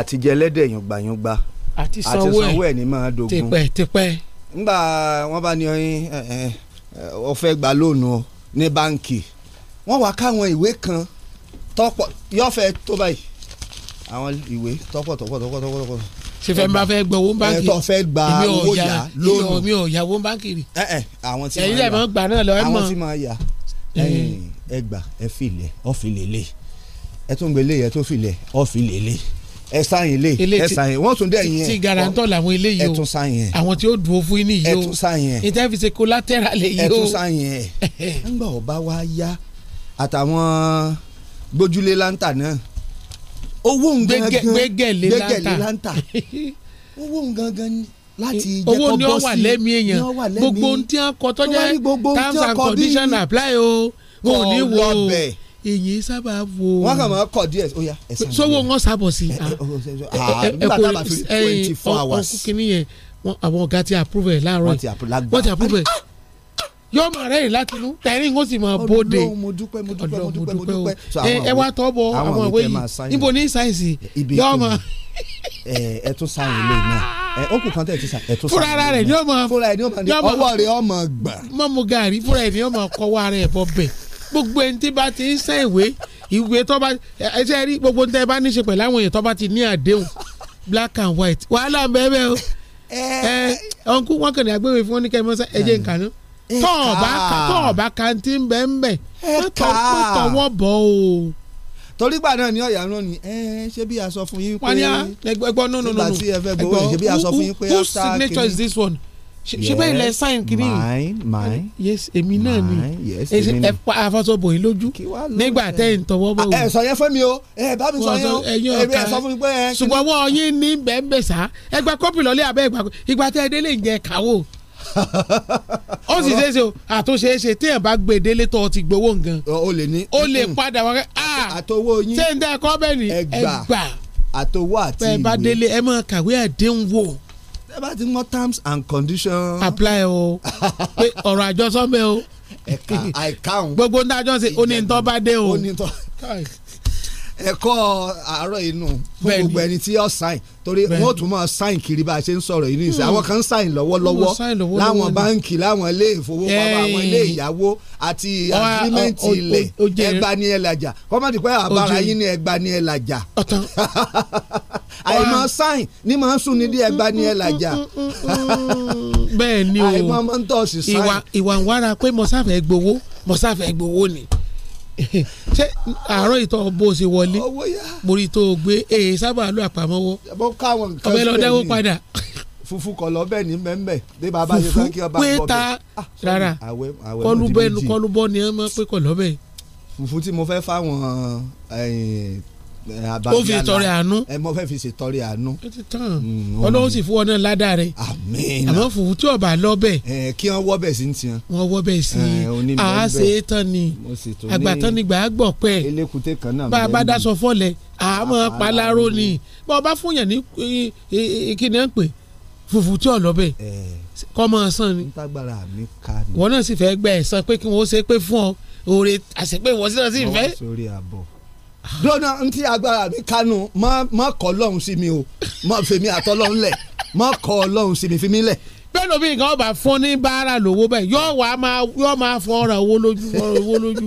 àtijẹ ẹlẹ́dẹ̀ yàngbàyàngbà àti sanwó ẹ̀ ní máa dogun tipẹ́ tipẹ́. nígbà wọ́n bá ní ọ̀fẹ́ gba lóònù ní báǹkì wọ́n wá káwọn ìwé kan tọ́pọ̀ yọ̀fẹ́ tó báyìí àwọn ìwé tọ́pọ̀ tọ́pọ̀ tọ́pọ̀ tọ́pọ̀ tọ́pọ̀. ṣe fẹ́ bá fẹ́ gbọ́ owó báńkì ẹ̀ tó fẹ́ gba owó yá lóònù mi ò yá owó báńkì rí. ẹ ẹ àwọn tí máa gbà náà lọ ẹ mọ àwọn tí máa yà ẹ gbà ẹ fìlẹ̀ ọ fìlẹ̀ lé ẹ tún gbélé ẹ tó fìlẹ̀ ọ fìlẹ̀ ẹ sáyìn ilé ẹ sáyìn wọ́n tún dẹ̀ yẹn ti garantọ làwọn ilé yìí o ẹ tún sáyìn ẹ àwọn tí ó dùn ó fún yín nìyí o ẹ tún sáyìn ẹ ìtẹ́ fi ṣe collateral yìí o ẹ tún sáyìn ẹ ńgbà ọba wa yá àtàwọn gbójúlé láńtà náà owó ń gangan gbẹgẹlé láńtà owó ń gangan ni láti jẹ́ kọ́ bọ́ sí owó ni ó wà lẹ́mí èèyàn gbogbo ohun tí wọ́n kọ́ tọ́jà terms and conditions apply o wọn ò ní wo o èyí sábà wo. wọ́n kàn máa kọ̀ díẹ̀ ó yá ẹ sábà. sówó wọn sábọ̀ sí. nígbà tá a bá fi twenty four hours. ọkùnrin kìíní yẹn àwọn ọ̀gá ti approve ẹ̀ yìí wọ́n ti approve ẹ̀ yóò máa rẹ́rìn láti inú tẹ̀rín ó sì máa bóde ọlọ́run mo dúpẹ́ mo ẹ wá tọ́ bọ àwọn ìwé yìí níbo ní sáyẹ̀nsì yóò máa ẹ tún sáyìn ilé náà ó kù kan tẹ̀ ẹ tún sáyìn ilé náà. fúnra ni ó máa fúnra rẹ̀ ni ó máa ọwọ́ rẹ̀ ó máa gbà. mọ́mú gàrí fúnra rẹ̀ ni ó máa kọ́wọ́ rẹ̀ bọ́ bẹ́ẹ̀ gbogbo ẹni tí bá ti ń sẹ́ ìwé ìwé tó bá ẹsẹ̀ rí gbogbo ní tẹ́ bá ní ṣe pẹ̀lú àwọn èèyàn tó bá ti ní àdéhùn black and white wàhálà bẹ́ẹ̀ o ẹ ọ̀nkú wọn kàn ní agbẹ́wò fún oníkẹ́ mọ́sá ẹ̀jẹ̀ nkànú tọ́ọ̀bá tọ́ọ̀bá kàǹtí ń bẹ́ẹ̀ ń bẹ̀ tọ́wọ́ bọ̀ o. torígbà náà ní ọ̀yà náà ni ẹ ṣé bí a sọ fún yín pé wọ́n ní ah, ẹgbẹ́ náà nínú nígbà tí ẹ fẹ́ gbowó ṣé bí a sọ fún yín pé after kìíní whose signature is this one ṣe bẹ́ẹ̀ ilẹ̀ sign kiri mine mine yes èmi náà ni yes èmi ni afọsọbọ yìí lójú nígbà tẹ ẹ ń tọwọ́ bọ̀ ah, wò. ẹ sọ yẹn fún mi o ẹ bá mi sọ yẹn o ẹ sọ fún mi pé ẹ. ṣùgbọ́n wọ́n yín ní bẹ́ẹ̀ sá ẹ gba kọ́pì lọ́lé abẹ́ ìgbà ìgbà tẹ ẹ délé ìjẹ káwó ó sì ṣe é ṣe àtúnṣe é ṣe téèyàn bá gbé e délé tó ti gbowó nǹkan. o lè ní. o lè padà wá ah! àtọwọ́ yín ṣé n dá ẹ kọ́ bẹ́ẹ̀ ni ẹ gbà àtọwọ́ àti ìwé. pẹ̀ẹ́ bá délé ẹ máa kàwé àdéhùn wò ẹ bá ti mọ terms and conditions. apply o pé ọ̀rọ̀ àjọsọ bẹ́ẹ̀ o. ẹ̀ka àìkáhùn. gbogbo ń dájọ́ sí oní ntọ́ bá dé o. oní ntọ́ ẹ̀kọ́ àárọ̀ inú fún gbogbo ẹni tí yóò sign torí wọ́n tún máa sign kiri bá a ṣe ń sọ̀rọ̀ inú ìsìn hmm. àwọn kan ń sign lọ́wọ́lọ́wọ́ láwọn báǹkì láwọn ilé ìfowópamọ́ àwọn ilé ìyàwó àti agirímẹ́ǹtì ilẹ̀ ẹgbà ni ẹlàjà kọ́mọ̀tì pé àbára yín ni ẹgbà ni ẹlàjà àìmọ̀ sign ni màá sùn ní dí ẹgbà ni ẹlàjà bẹ́ẹ̀ ni o àìmọ̀ mọ́ntọ́ọ̀sì sign ìwà ìwà ń wára pé mọ̀sáfẹ́ gbowó mọ̀sáfẹ́ gbowó ni. ṣé àárọ̀ ìtọ́ bó ṣe wọlé borí tó gbé èyí sábà lù àpamọ́wọ́ ọbẹ̀ lọ dáwó padà. fufu kọlọ bẹẹ ní mẹmẹ bí baba ṣe fẹ kí ọba gbọ bẹẹ fufu pé ta ah, rárá kọlubẹnu kọlubọ ni ẹ máa pé kọlọ bẹẹ. fufu tí mo fẹ́ fáwọn Eh, ó fi tọrẹ àánú. ẹ eh, mọ fẹ́ fi ṣe tọrẹ àánú. ó ti tán mm, ọlọ́run sì fún ọ náà ládàá rẹ. àmín. àmọ́ fùfú tí ọba lọ bẹ̀. ẹ eh, kí wọ́n wọ́ bẹ̀ sí ní tiwọn. wọ́n wọ́ bẹ̀ sí i àá ṣe é tán ni àgbàtán ni gbàá gbọ̀ pẹ́. elekute kan náà. bá a bá daṣọ fọ́lẹ̀ àmọ́ ah, ah, palaro ni ah, bá a bá fún yàn ní kíni ẹ̀ ń pè fùfú tí ọ lọ bẹ̀ san ni. ntagbara náà sì fẹ́ gbẹ ẹ̀san pé kí wọ́n ṣe pé fún ọ dọ́nà ntí agbára mi kánú má kọ́ lọ́hùn sí mi o má fèmi àtọ́lọ́hùn lẹ̀ má kọ́ lọ́hùn sí mi fi mí lẹ̀. bẹ́ẹ̀ lómi nǹkan ọba fún ní báárà lówó bẹ́ẹ̀ yọ wà máa yọ máa fọ ọ̀rọ̀ owó lójú ọ̀rọ̀ owó lójú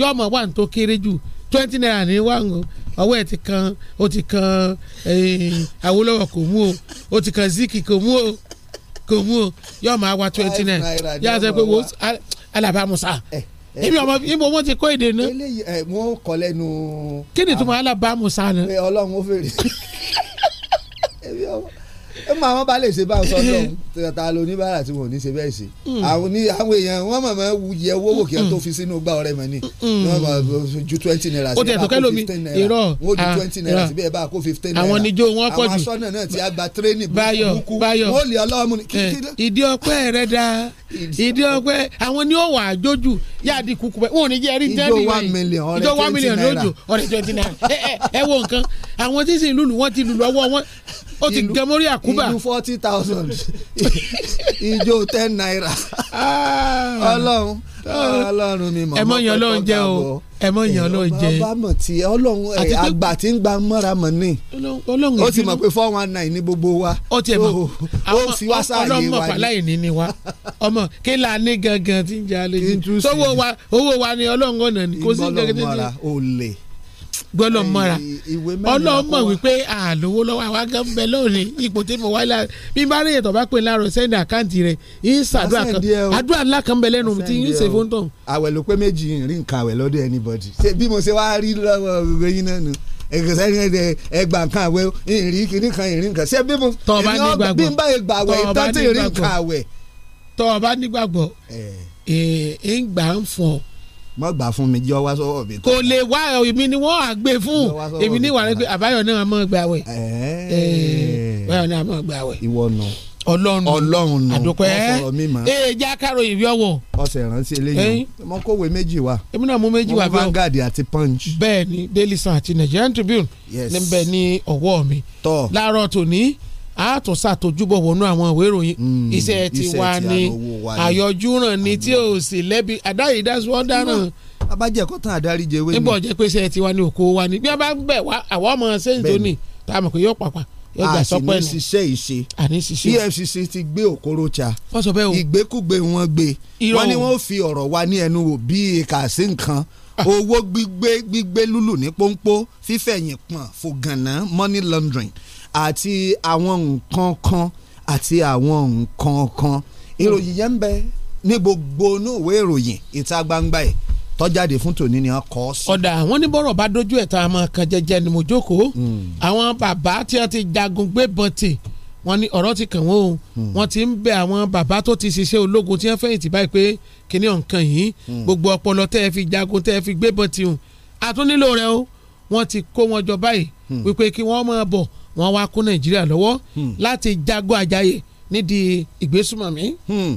yọ mọ̀ wà ní tó kéré jù twenty naira ní wà ń ọwọ́ ẹ̀ ti kan ó ti kan eh, Awólọ́wọ̀ kò mú o ó ti kan Zik kò mú o kò mú o yọ máa wà twenty naira yà á sọ pé wo Alábàámusa. Eh èmi eh, ọmọ ibo wọn ti kọ́ èdè náà. eléyìí ẹ eh, wọn kọ lẹ́nu. kí ni tuma ah, alábàámu sáà náà. ó fèrè. èmi ọmọ ẹ mọ àwọn bá lè ṣe báwọn sọdọ tata lo oníbàárà tí wọn ò ní ṣe bẹ́ẹ̀ ṣe mm. àwọn èèyàn wọn mọ̀ mọ́ yẹ owó wò kí wọn tó fi sínú gbà ọrẹ mọ ni mm, mm. wọn mọ ju twenty naira sí bẹ́ẹ̀ bá kó fifteen naira wọn ju ah, twenty naira sí bẹ́ẹ̀ bá kó fifteen naira àwọn níjó wọn pọ̀ jù àwọn asọ́nà náà ti àgbà tírénì burúkú wọn ò lè ọlọ́mú ni. Eh, ìdí ọpẹ́ rẹ da ìdí ọpẹ́ àwọn ni ó wà jójú yáàdì kúkú bẹ́ẹ̀ wọn ò ní jẹ́ rí tẹ́lẹ̀ ìjọ one million ọ̀rẹ́ twenty naira eh, eh, ẹ wo nǹkan àwọn tí sì lùlù wọn ti lùlù ọwọ́ wọn ó ti gẹ mórí àkúbà ìlú forty thousand ìjó ten naira ah. ọlọ́run ọlọ́run mi mọ̀ ẹ mọ̀ yàn ọlọ́run jẹ́ o ẹ mọ̀ yàn ọlọ́run jẹ́ bàbá mọ̀ tí ọlọ́run àgbà tí ń gba mọ́ra mọ̀ ní ó ti mọ̀ pé four one nine ní gbogbo wa ó ti mọ̀ ó fi wá sáàyè wa ni ọlọ́mọ pàláyè ní ni wa ọmọ kí la ní gangan tí ń jalè ní sọ́wọ́ wa owó wa ni ọlọ́run ọ̀nà ni kò sí gangan tí ń jalè. ìgbọ́lọ́ ò lè gbọ́dọ̀ mọ́ra ọlọ́mọ wípé àlówó lọ́wọ́ àwa gan bẹ lónìí ipò tí mo wá lára bí bá rí ètò bá pè láàrọ̀ sẹ́ndì àkáǹtì rẹ̀ yín sàdúrà kan àdúrà ńlá kan bẹ lẹ́nu tí yín ṣe fún tán. àwẹ̀ ló pé méjì rí nǹkan àwẹ̀ lọ́dọ̀ anybody ṣé bí mo ṣe wá rí lọ́wọ́ gbogbo yín náà nù ẹgbà kan àwẹ̀ ìrìn kìíní kan ìrìn kan ṣé bí mo bí n bá ẹgbà àwẹ̀ ìtọ́jú ìrìn kan àwẹ̀. tọ́ ọ bá nígbàgbọ́ ẹ̀ ń mọ gbà fún mi jọ wá sọ́wọ́ mi. kò lè wá èmi ni wọ́n á gbé fún èmi ni wà á gbé àbáyọ náà mọ gbà wẹ àbáyọ náà mọ gbà wẹ. ìwọ nù Ọlọ́run Ọlọ́run nù àdùpẹ́ ee já káró ìwé ọsẹ ìrántí eléyìí mo kówé méjì wá. èmi náà mú méjì wá bí o mo àti Punch. bẹ́ẹ̀ni Daily Sun àti Nigerian Tribune yes. níbẹ̀ ni ọwọ́ mi. tọ́ láàárọ̀ tòní a tún ṣàtòjúbọ̀ wọnú àwọn ìwé ìròyìn hmm, iṣẹ́ ti wá ní àyọjú ràn ní tí ò sì lẹ́bi àdáyé dáṣu ọ̀daràn. abájẹ́kọ̀ tán àdárí jẹ wé ni. níbo jẹ́ pé iṣẹ́ ti wá ní òkú wa ni bí wọ́n bá bẹ̀ wá àwọn ọmọ sẹ́yìn tó ní tá a mọ̀ pé yóò pàpà yóò gbà sọ́pẹ́ nù. àti ní ṣiṣẹ́ ìṣe EFCC ti gbé Okorocha ìgbékúgbé wọn gbé wọn ni wọn fi ọ̀rọ̀ wa ní ẹnu wò bí ìkà sí nǹkan ah. owó gbígbé gbígbé lúlù ní pọ́npọ́ fífẹ̀yìn pọ̀n fògànà money laundering àti àwọn nǹkan kan àti àwọn nǹkan kan ìròyìn yẹn ń bẹ ní gbogbo inú ìròyìn ìta gbangba yìí tọ́jáde fún tòní ni wọ́n kọ́ sí. ọ̀dà wọn ní bọ́rọ̀ bá dojú ẹ̀ tá a mọ̀ kan jẹ́jẹ́ ni mo jókòó hmm. àwọn bàbá tí wọ́n ti jagun gbé bọ̀tì wọn ní ọ̀rọ̀ ti kàn wọ́n o hmm. wọ́n ti ń bẹ àwọn bàbá tó ti ṣiṣẹ́ ológun tí wọ́n fẹ̀yìntì báyìí pé kíní ọ̀nkan yìí hmm. gbogbo ọpọlọ tẹ́ ẹ fi jagun tẹ́ ẹ fi gbé bọ̀tì o àtún rẹ o wọ́n ti kó wọn jọ báyìí wípé kí wọ́n máa bọ̀ wọ́n wá kó nàìjíríà lọ́wọ́ hmm. láti jago àjàyè nídìí ìgbésùmọ̀mí. Hmm.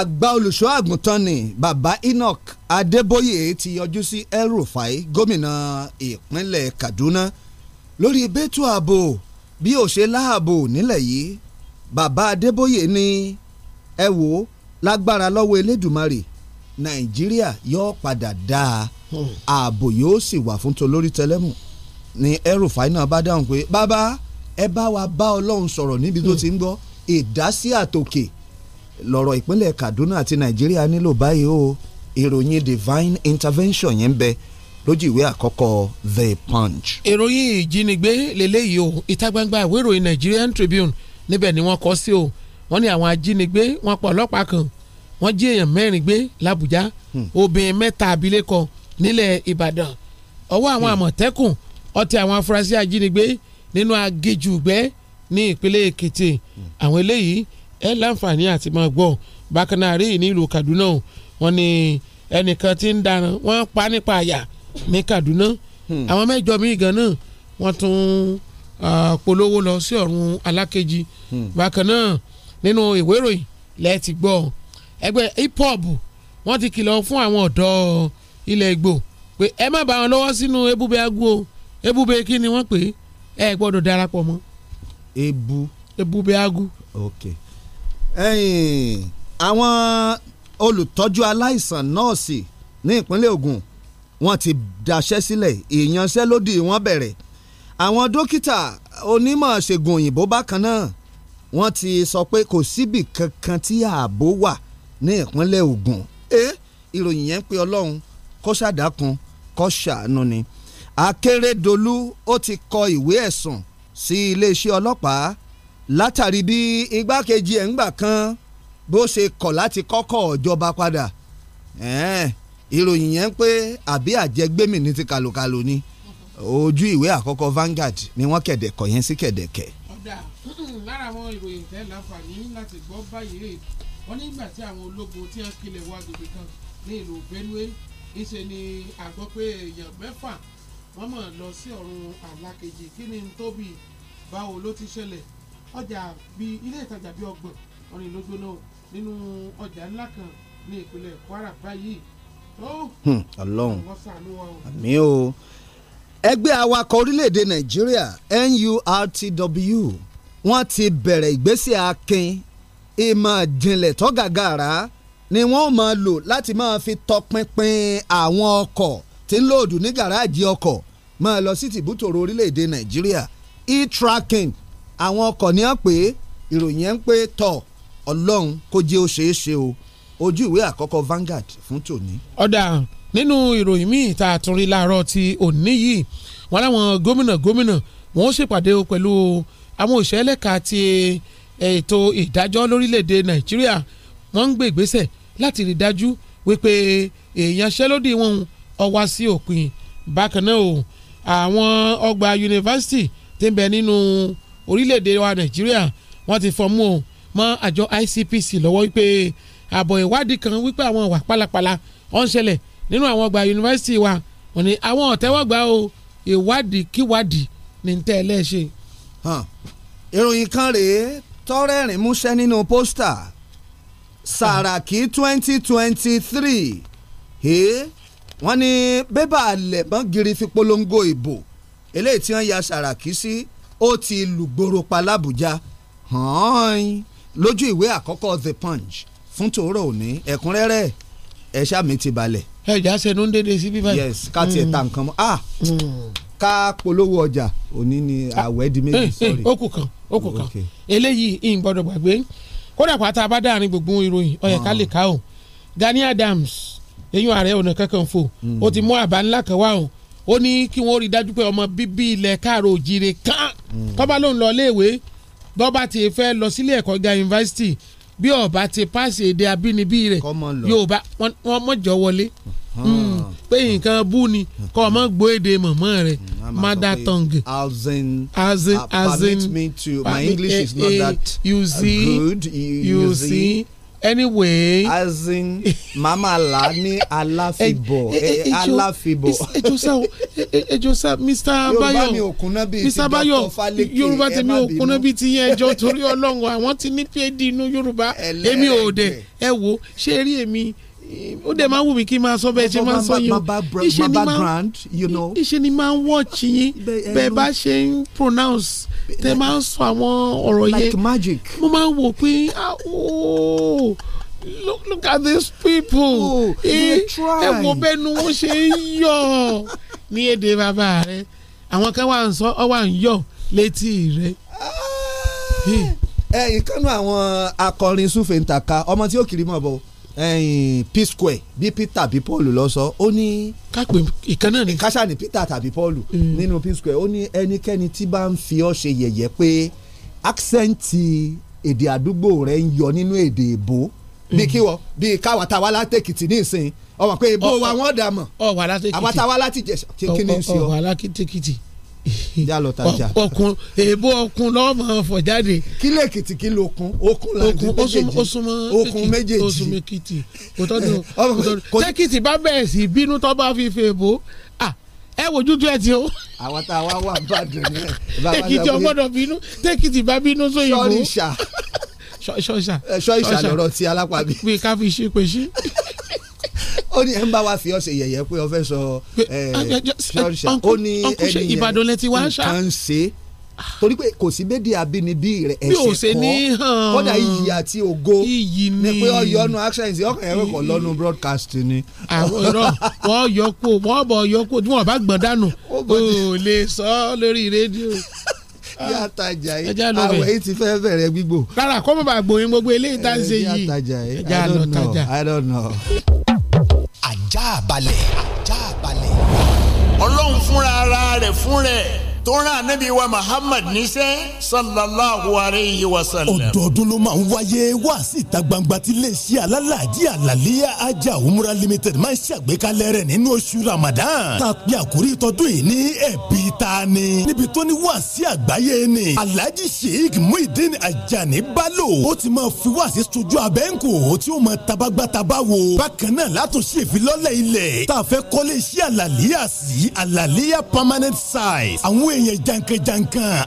àgbà olùṣọ́ àgùntàn ni bàbá Enoch Adébóyè ti yọjú sí El-Rufai gómìnà ìpínlẹ̀ Kaduna lórí bẹ́tù ààbò bí ò ṣe láàbò nílẹ̀ yìí bàbá Adébóyè ni ẹ wò ó lágbára lọ́wọ́ Elédùmarè Nàìjíríà yóò padà dáa hmm. ààbò yóò sì wà fún tolórí tẹlẹ́mù ni El-Rufai náà bá dáhùn pé bàbá ẹ bá wa bá ọlọ́run sọ̀rọ̀ níbi tó ti ń gbọ́ ìdásí àtòkè lọ́rọ̀ ìpínlẹ̀ Kaduna àti Nàìjíríà nílò báyìí o ìròyìn divine intervention yẹn ń bẹ lójú ìwé àkọ́kọ́ the punch. ìròyìn ìjínigbé lélẹ́yìí o ìta gbangba ìwé ìròyìn Nigerian Tribune níbẹ̀ ni wọ́n kọ sí o wọ́n ní àwọn ajínigbé wọ́n pa ọlọ́pàá kan wọ́n jí èèyàn mẹ́rin gbé làbújá hmm. obìnrin mẹ́ta abilékọ nílẹ̀ Ìbàdàn ọwọ́ àwọn hmm. àmọ̀tẹ́kùn ọtí àwọn afurasí ajínigbé nínú agéjùgbẹ́ ní ìpínlẹ̀ Èkìtì àwọn eléyìí ẹ láǹfààní àti máa gbọ́ bákan náà rí ní ìlú Kaduna wọ́n ní ẹnìkan tí ń dáná wọ́n pa nípa àyà ní Kaduna hmm. àwọn mẹ́jọ míì gan náà wọ́n tún polówó lọ sí ọ̀run alákejì hmm. bákan náà nínú ìwé ìròyìn lẹ́ẹ̀tì gbọ́ ẹgbẹ́ hip hop wọ́n ti kìlọ̀ fún àwọn ọ̀dọ́ ilẹ̀ Ìgbò pé ẹ má bá wọn lọ́wọ́ sínú ebúbẹ́ agbo ebube kí ni wọ́n pè é ẹ gbọ́dọ̀ darapọ̀ mọ́. ebu ebube agu. ok ẹyin àwọn olùtọ́jú aláìsàn nọ́ọ̀sì ní ìpínlẹ̀ Ògùn wọ́n ti daṣẹ́ sílẹ̀ ìyanṣẹ́lódì wọ́n bẹ̀rẹ̀ àwọn dókítà onímọ̀ ṣègùn òyìnbó bákan náà wọ́n ti sọ pé kò síbì kankan tí ààbò wà ní ìpínlẹ̀ Ògùn ẹ ìròyìn yẹn pé Ọlọ́run kó ṣàdákun kó ṣàánú ni. Eh, Akérèdọ́lù ó ti kọ ìwé ẹ̀sùn sí iléeṣẹ́ ọlọ́pàá látàrí bí igbákejì ẹ̀ ń gbà kan bó ṣe kọ̀ láti kọ́kọ́ ìjọba padà ìròyìn yẹn pé àbí àjẹgbẹ́mì ní ti kàlòkàlò ni ojú ìwé àkọ́kọ́ Vanguard ni wọ́n kẹ̀dẹ̀ yẹn sí kẹ̀dẹ̀kẹ̀. ọ̀dà lára àwọn ìròyìn tẹ́ láǹfààní láti gbọ́ báyìí rè wọ́n nígbà tí àwọn ológun tí wọ́n kílẹ̀ wá gbogbo kan ní ìlú Benue ìṣe ni àgbọ̀ pé èèyàn mẹ́fà wọ́n mọ̀ lọ sí ọ̀run àlàkejì kí ni tóbi báwo ló ti ṣẹlẹ̀ ọjà bí ilé ìtajà bí ọgbọ̀n ọ̀rìn ló gbóná nínú ọjà ńlá kan ní ìpínlẹ̀ Kwara báyìí. Hmm, Ọlọ́run àmì o ẹgbẹ́ awakọ̀ orílẹ̀-èdè Nàìjíríà NURTW wọ́n ti bẹ̀rẹ̀ ìgbésẹ̀ akin ìmọ̀ ìjìnlẹ̀ tọ́gàgàrà ni wọ́n máa lò láti máa fi tọpinpin àwọn ọkọ̀ tí ń lòdù ní gàráàjì ọkọ̀ máa lọ sí tìbútòrò orílẹ̀-èdè nàìjíríà e-tracking àwọn ọkọ̀ ní à ń pè é ìròyìn ẹ̀ ń pè tọ̀ ọlọ́run kó jẹ́ ó ṣeé ṣe o ojú ìwé àkọ́kọ́ Vanguard fún tòní. ọ̀dà nínú ìròyìn míì tá a tún rí láàárọ̀ ti òní yìí wọn láwọn gómìnà gómìnà wọn ó ṣèpàdé pẹ̀lú àwọn òṣìṣẹ́ ẹlẹ́ka ti ètò ìdájọ́ lórílẹ̀‐èdè nàìjíríà wọ́n ń gbé ìgbésẹ̀ láti rí dájú wípé ìyanṣẹ́lódì wọn ọ wá sí òpin bákan náà o àwọn ọgbà yunifásitì tí ń bẹ nínú orílẹ̀-èdè wa nàìjíríà wọ́n ti fọ́ mú o mọ́ àjọ ICPC lọ́wọ́ wípé àbọ̀ ìwádìí kan wípé àwọn ìwà pálapàla ó ń ṣẹlẹ̀ nínú àwọn ọgbà yunifásitì wa wọ́n ní àwọn ọ̀tẹ́wọ́gbà o ìwádìí kíwádìí ní tẹ́ ẹ lẹ́ẹ̀ṣẹ̀. ìròyìn kan rèé tọ́rẹ́rìn músẹ́ nínú pósítà Sàràkí twenty twenty three wọ́n ní bébà lẹ̀mọ́ giri fi polongo ìbò eléyìí tí wọ́n ya Sàràkí sí ó ti lùgbòrò pa làbújá hàn lójú ìwé àkọ́kọ́ The Punch fún tòórọ òní ẹ̀kúnrẹ́rẹ́ ẹ̀ṣá mi ti balẹ̀. ẹ jà sẹnu ń dédé sí bíbá. yes ká tiẹ̀ ta mm. nǹkan mọ́ ah mm. ká polówó ọjà òní ni ah, àwẹ̀ di méjì eh, eh, sọ́ọ̀rì. ó kù kan ó kù kan eléyìí ìyìn gbọ́dọ̀ gbàgbé kódà pátá bá gbogbo ìròyìn ó lè ká o Gani Adams eyín ààrẹ ọ̀nà kakanfò hmm. ó ti mú àbá ńlá kan wá òun ó ní kí wọ́n rí dájú pé ọmọ bíbí ilẹ̀ káàrọ̀ òjìrè kan hmm. tọ́ba ló ń lọ iléèwé bọ́ba ti fẹ́ lọ sílé ẹ̀kọ́ ga yunifásitì bí ọba ti páàsì èdè abínibí rẹ̀ Yorùbá wọ́n mọ̀jọ́ wọlé hmm. pé nǹkan bú ni kọ́ ọmọ gbọ́ èdè mọ̀mọ́ rẹ̀ mother tongue. as in as in as in permit me to my English is not eh, that you see, you see anyway. as in mama la ní aláfibọ̀ aláfibọ̀. ejosa o ejosa mr bayo mr bayo yorùbá tèmi ò kúnná bíi ti yẹn ẹjọ́ torí ọlọ́run àwọn ti ní phd inú yorùbá èmi ò dẹ̀ ẹ wo ṣé rí èmi ó dẹ̀ máa ń wù mí kí n máa sọ bẹ́ẹ̀ ṣe máa sọ yín o ni máa ń wọ́ọ̀chì yín bẹ́ẹ̀ bá ṣe ń pronounce tẹ máa ń sọ àwọn ọ̀rọ̀ yẹn like magic mo máa ń wò pé ah, oh, look look at these people oh, eh, ẹ wo bẹ́nu wọ́n ṣe ń yọ̀ ní èdè bàbá rẹ àwọn kan wà ń sọ ọ wà ń yọ̀ létí rẹ ah, ẹ ìkànnì àwọn akọrin súfèǹtàkà ọmọ tí ó kiri mọ̀ bọ̀ p square bí peter bí paul lọ sọ ó ní. kápẹ́ ìkan náà ni. kásá ni peter tàbí paul mm. nínú p square ó ní ẹnikẹ́ni tí bá ń fi ọ́ ṣe yẹ̀yẹ́ pé àksẹ́ǹtì èdè àdúgbò rẹ̀ ń yọ nínú èdè ìbò mm. bí kíwọ bí káwa táwa látẹ̀kìtì ní ìsìn ọmọ pé ìbò wa wọ́n dà mọ́ àwa táwa látìjẹ̀ṣà kí ni ń ọ. já lọ tajà. ọkùn èèbó ọkùn lọ́mọ ọ̀fọ̀ jáde. kílẹ̀ èkìtì kí ló kun okun láti méjèèjì okun méjèèjì okun méjèèjì òtọ́dún tẹ́kìtì bá bẹ̀rẹ̀ sí bínú tó bá fi fèèbó ẹ wojú tó ẹ ti o. àwọn tá a wá wà bàdùn ní ẹ. tẹ́kìtì ọgbọ́dọ̀ bínú tẹ́kìtì bá bínú sóyìnbó. sọ́ọ̀ṣà sọ́ọ̀ṣà lọ́rọ̀ ti alápàbí. pé ká fi ṣe pèsè ó ní ẹ ń bá wa fi ọsẹ yẹ̀yẹ́ pé ọ fẹ́ sọ ṣọọṣà uh, uh, uh, ó ní ẹni yẹn nǹkan ṣe torí pé kò sí méjì àbínibí rẹ ẹsẹ kọ kódà iyì àti ògo ni pé ọyọnu accent ọkàn ẹ̀rọ kan lọ́nu broadcast ni. àwọn irọ́ yọ kó wọ́n bọ̀ yọ kó tí wọ́n bá gbọ̀n dànù o lè sọ lórí rédíò yí ah, àtàjà yìí àwẹ̀ yìí ti fẹ́ bẹ̀rẹ̀ gbígbò. rárá kọ́mọ̀bà gbòyìn gbogbo eléyìí tá a eh, ṣe yìí ẹja lọ tajà. I don't know. I don't know àjàbalẹ̀ àjàbalẹ̀. ọlọ́run fúnra ara rẹ̀ fún rẹ̀ tó rán wa muhammad níṣẹ́ sallallahu alayhi wa sallam. ọdọọdún ló máa ń wáyé wá sí ìta gbangba tí iléeṣẹ́ alálàájì àlàlíyà ajá òmùra limited máa ń ṣàgbékalẹ̀ rẹ̀ nínú oṣù ramadan tá a pè àkórí ìtọ́dún yìí ní ẹ̀bí ta ni níbi tó ní wá sí àgbáyé ni alhaji sheik muhyiddin ajani balo ó ti máa fi wá sí sojú abẹ́ǹkò tí ó máa tabagbátaba wo bákan náà látúnṣe ìfilọ́lẹ̀ ilẹ̀ tá a fẹ́ kọ́lé iṣẹ́ àlàlíyà sí àlàlíyà permanent site àwọn àwọn èèyàn jàǹkànjàǹkàn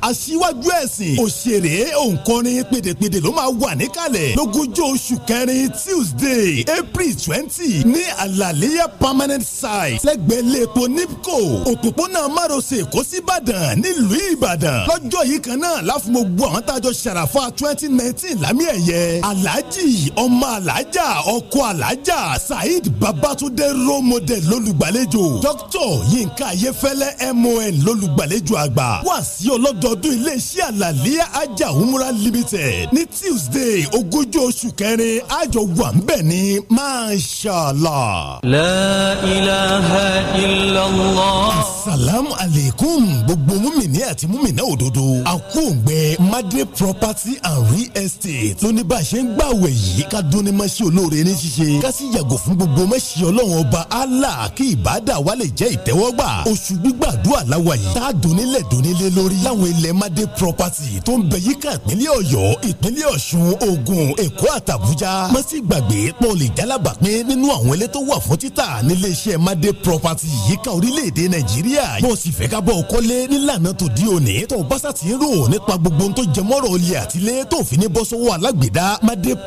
aṣíwájú ẹ̀sìn òṣèré òǹkọrin pèdèpèdè ló máa wà níkàlẹ̀ lógúnjọ́ oṣù kẹrin tuesday april twenty ní àlàléyà permanent site lẹ́gbẹ̀ẹ́ lẹ́pọ̀ nipco òpópónà márosẹ̀ èkó síbàdàn nílùú ìbàdàn lọ́jọ́ yìí kan náà láfún gbogbo àwọn tájọ ṣàràfà twenty nineteen lámì ẹ̀yẹ alhaji ọmọ alhaja ọkọ alhaja saheed babatunde role model lólùgbàlejò dr yinka ayefẹlẹ mon lólùgbàlejò àgbà wá sí ọlọ́dọọdún iléeṣẹ́ àlàlíyà ajá òmùra limited ní tuesday ogúnjọ́ oṣù kẹrin àjọ wà ń bẹ̀ ní mashallah. la ilaha illallah. asalaamu aleykum gbogbo múmìnì àti múmìnà òdodo àkóògbé madre property and real estate lóní bá a ṣe ń gbàwẹ̀ yìí ká dúnni máa ṣe olóore ní ṣíṣe ká sì yàgò fún gbogbo mẹ́sì ọlọ́run ọba allah kí ìbádà wa lè jẹ́ ìtẹ́wọ́gbà oṣù gbígbàdúrà láwa tá a dùn onílẹ̀ dónílé lórí láwọn ilẹ̀ madé property tó ń bẹ yíká ìpínlẹ̀ ọ̀yọ́ ìpínlẹ̀ ọ̀ṣun ògùn èkó àtàbújá má sì gbàgbé pọ́ọ̀lì jálábà pé nínú àwọn ilé tó wà fún títà nílé iṣẹ́ madé property yíká orílẹ̀-èdè nàìjíríà bó o sì fẹ́ ká bọ̀ kọ́lé nílànà tó di òní tó bá sàtì ń rò nípa gbogbo tó jẹ mọ́rọ̀ olè àtilé tó fi ní bọ́ sọ́wọ́ alágbèédá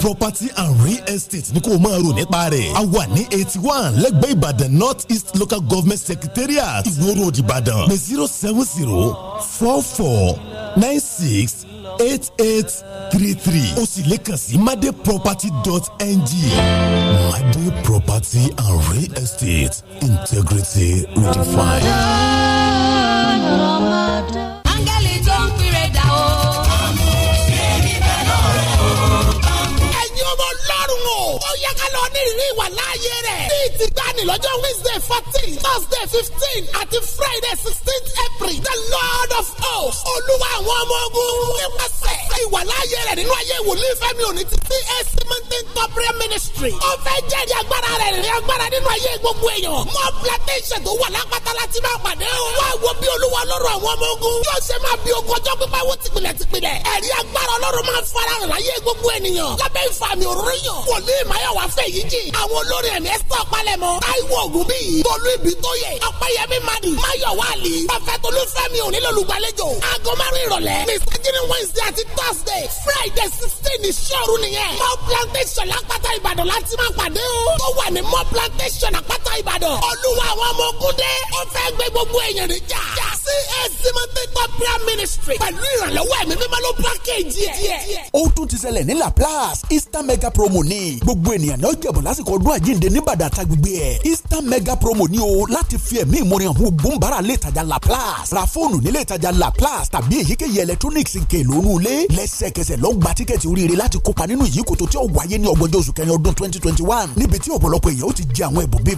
property and real estate ní kó o a wà eighty one lẹ́gbẹ̀ẹ́ ìbàdàn north local government secretariat ìwó road ìbàdàn ní zero seven zero zero four four nine six eight eight three three o sì lè kàn sí madeproperty.ng Made Property and Real Estate Integrity Redefined. ó yẹ ká lọ ní ìrírí ìwà láàyè rẹ̀. ní ìtìgbani lọ́jọ́ wednesday fourteen thursday fifteen àti friday sixteen april the lord of hosts olúwa àwọn ọmọ ogun nípasẹ̀ ìwà láàyè rẹ̀ nínú ayé wòlíì fẹ́mi òní ti CAC mountain top prayer ministry. ó fẹ́ jẹ́rìí agbára rẹ̀ rí agbára nínú ayé gbogbo èèyàn. mọ plantation tó wà lápáta láti máa pàdé o. wá wo bí olúwa lọ́rọ̀ àwọn ọmọ ogun. yóò ṣe máa bí ogun ọjọ́ pípa wo tìpìlẹ̀ tìpìlẹ̀. ẹ̀rí agbára ọlọ́run máa fara hàn láyé gbogbo ènìyàn. lábẹ́ ìfàmì òróró yàn. wòlíì máyọ̀wá fèyíjì àwọn olórin ẹ̀mí ẹ̀sítọ́ palẹ̀mọ́ táíwò ògùn bíi tolú ibi tó yẹ ọ̀pẹ́yẹmí madi máyọ̀wá àlì pàfẹ́tolúfẹ́mi òní lọ́lùgbàlejò aago márùn ìrọ̀lẹ́ ní sẹ́jìnì àti thursday friday sixteen ìṣòro nìyẹn mọ plantation lápáta ìbàdàn láti máa pàdé o tó wà ní mọ gbogbo ènìyàn ni ó jẹ̀bọ̀ lásìkò ọdún àjíǹde ní àtàgbègbè ẹ̀ Easter mega promo ni o láti fi ẹ̀mí ìmúrin àwọn ògbóǹbàrà lè tajà Laplace ra fóònù nílé ìtajà Laplace tàbí èyíkéyìí electronics nke lónú ilé lẹ́sẹ̀kẹsẹ̀ lọ gba tíkẹ́ẹ̀tì oríire láti kópa nínú ìyíkòtò tí ó wáyé ní ọgbọ̀njọ́ oṣù kẹrin ọdún twenty twenty one níbi tí ọ̀pọ̀lọpọ̀ èèyàn ó ti jẹ àwọn ẹ̀bùn bíi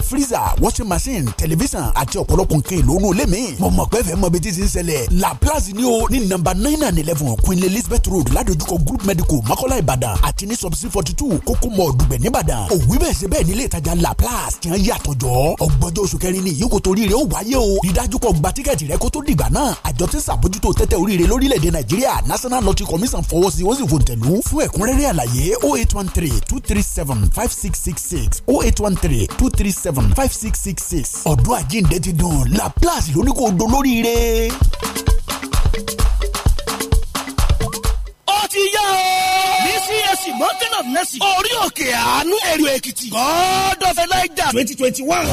freezer washing machine tẹlifíṣàn àti ọ̀pọ̀lọpọ̀ nke lónú ilé mi mo mọ̀ pé fẹ́ mọ bí ti ti ń ni number nine and eleven Queen Elizabeth Road ládojúkọ Group Medical Makola Ìbàdàn àti ní subsidy forty two kókó mọ ọ̀dùgbẹ̀ nìbàdàn òwú bẹ́ẹ̀ ṣe bẹ́ẹ̀ nílé ìtajà la place tiẹ̀ yàtọ̀ jọ ọgbọ́njọ́ oṣù kẹrin ni yíkò torí rẹ̀ ó wáyé o ìdájú kọ gba tíkẹ́ẹ̀tì rẹ kó tó dìgbà náà àjọ tí sàbójútó tẹ́tẹ́ oríire lórílẹ̀‐èdè nàìjíríà national lottery commission fọwọ́ sí ó sì fòǹtẹ̀lú fún ẹ̀kúnrẹ́rẹ́ àlàyé o oh eight one three two three seven five six six six o oh eight one three two three seven five six six six ọ̀dọ́ àjíǹde ti dùn la place lóníkó dolóríire ti yá o. ní csc mountain of mercy orí òkè àánú èrò èkìtì god of elijah twenty twenty one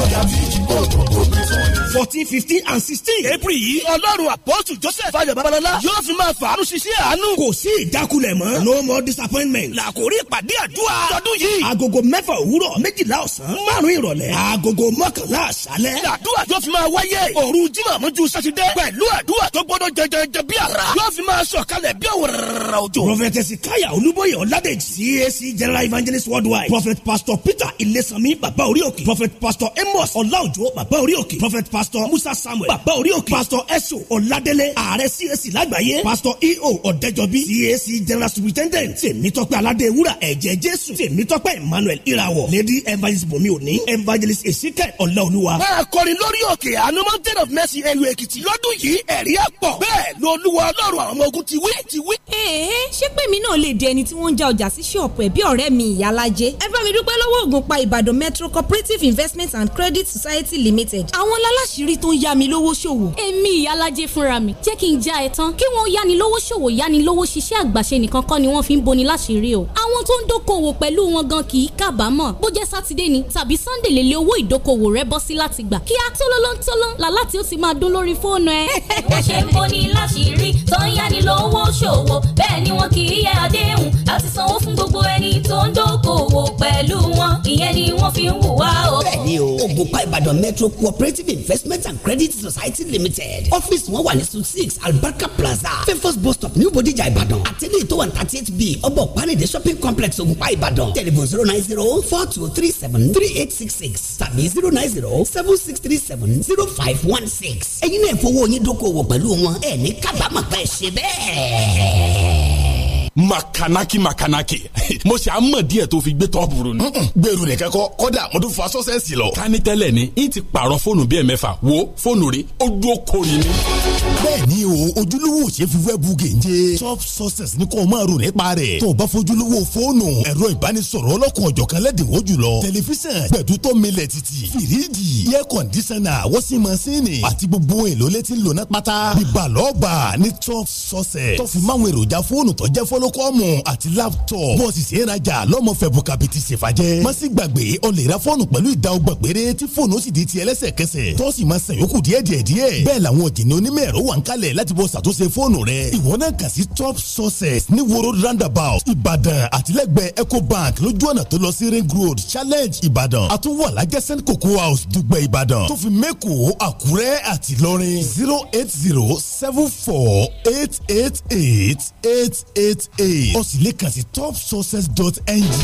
fourteen fifteen and sixteen. april yìí ọlọ́run àpọ́tù joseph fàyọ̀ babalọ́lá yóò fi máa fàánú ṣiṣẹ́ àánú. kò sí ìjákulẹ̀ mọ́. no more disappointment. làkòrí ìpàdé àdúrà lọ́dún yìí. agogo mẹ́fà òwúrọ̀ méjìlá ọ̀sán márùn-ún ìrọ̀lẹ́. agogo mọ́kànlá àṣálẹ́. làdúrà yóò fi máa wáyé. òru jimá mọ́jú sátidé. pẹ̀lú àdúrà tó gbọ́dọ̀ jẹjẹrẹ bí ara. yóò fi máa sọ̀kalẹ̀ bí òwúrọ̀ òjò prophet ezekiah olúbọyẹ ọládèjì cac general evangelist worldwide prophet pastor peter ilesami bàbá orí òkè prophet pastor amos ọláòjò bàbá orí òkè prophet pastor musa samuel bàbá orí òkè pastor eso ọládélé ààrẹ cac lágbàáyé pastor eo ọ̀dẹ́jọbí cac general superintendent tèmítọ́pẹ́ aládéwúrà ẹ̀jẹ̀ jésù tèmítọ́pẹ́ emmanuel ìràwọ̀ lady evangelist bomi oni? evangelist ezekiel ọláolúwa. máa kọrin lórí òkè àánú mountain of mercy ẹ̀yọ èkìtì lọ́dún yìí ẹ̀rí àpọ̀ bẹ́ẹ̀ lọ́lúwa ọlọ́run àwọn ọmọ ogun ti wí ti wí ṣé pé mi náà lè di ẹni tí wọ́n ń já ọjà sí ṣọ́ọ̀pù ẹ̀ bí ọ̀rẹ́ mi ìyálájẹ́ ẹ bá mi dúpẹ́ lọ́wọ́ Ògùnpa Ìbàdàn Metro Cooperative Investment and Credit Society Limited àwọn láláṣìírí tó ń yá mi lówó ṣòwò. èmi ìyálájẹ́ fúnra mi jẹ́ kí n já ẹ tán kí wọ́n yáni lówó ṣòwò yáni lówó ṣiṣẹ́ àgbàṣe nìkan kọ́ ni wọ́n fi ń boni láṣìírí o àwọn tó ń dókòwò pẹ̀lú wọn gan kì í kábàámọ̀ bó jẹ́ sátidé ni tàbí sunday lè lé owó ìdókòwò rẹ bọ́ sí láti gbà kí á tólólótóló làlá tí ó ti máa dún lórí fóònù ẹ. bó ṣe ń boni láṣìírí tó ń yáni lówó ṣòwò bẹ́ẹ̀ ni wọ́n wọn kì í yẹ àdéhùn láti sanwó fún gbogbo ẹni tó ń dókòwò pẹ̀lú wọn ìyẹn ni wọ́n fi ń hùwà o. bẹ́ẹ̀ni o ògùnpá ìbàdàn metro cooperative investment and credit society limited ọ́fíìsì wọn wà ní su six albarka plaza fefos bus stop new bodija ìbàdàn àtẹlẹ tó ní thirty eight b ọbọ panade shopping complex ògùnpá ìbàdàn tẹlifon zero nine zero four two three seven three eight six six tàbí zero nine zero seven six three seven zero five one six ẹ̀yin náà fowó yín dókòwò pẹ̀lú wọn ẹ̀ ní kábàámọ̀ pé ṣe bẹ́ẹ̀ makanaki makanaki mo ṣe àmọ̀ díẹ̀ tó fi gbé tọ́pù rò ni. gbèrú nìkan kọ kọ́dà mo tún fa sọ́sẹ́sì lọ. kání tẹ́lẹ̀ ni n ti pààrọ̀ fóònù bíi ẹ̀mẹ́fà wo fóònù rẹ̀ ó dúró ni. bẹ́ẹ̀ni o ojúlówó ṣe fífẹ́ bu gèje. top success ni kò máa rò nípa rẹ̀. tó o bá fojúlówó fóònù ẹ̀rọ ìbánisọ̀rọ̀ ọlọ́kùn ọ̀jọ̀kan lẹ́dínwó jùlọ. tẹlifíṣàn gbẹdutọ milẹ titi firiji iye kọndisana wọ́sí masini àti gbogbo èlò success. tó fi máwọn èròjà fóònù kọ́mù àti laptop bọ́ọ̀sì sì ń rajà lọ́mọ fẹ̀bù kàbìtì ṣèfàjẹ́ má sì gbàgbé ọ lè ra fọ́ọ̀nù pẹ̀lú ìdá ọgbà péré tí fóònù ó sì di ti ẹlẹ́sẹ̀kẹsẹ̀ tọ́sí máa san yòókù díẹ̀ díẹ̀ díẹ̀ bẹ́ẹ̀ làwọn òjìní onímọ̀ ẹ̀rọ wà ń kalẹ̀ láti bọ́ ṣàtúnṣe fóònù rẹ̀ ìwọ náà kà sí top sources ní woro roundabout ìbàdàn àtìlẹ́gbẹ̀ẹ́ ecobank lójú ọ̀nà tó lọ sí ring road challenge ìbàdàn àtúwọ̀ alájẹ́ send cocoa house dùgbẹ̀ ìbàdàn tó fi mẹ́kọ̀ àkúrẹ́ àti lọ́rin zero eight zero seven four eight eight eight eight eight eight ó sì lè kàn sí topsources.ng.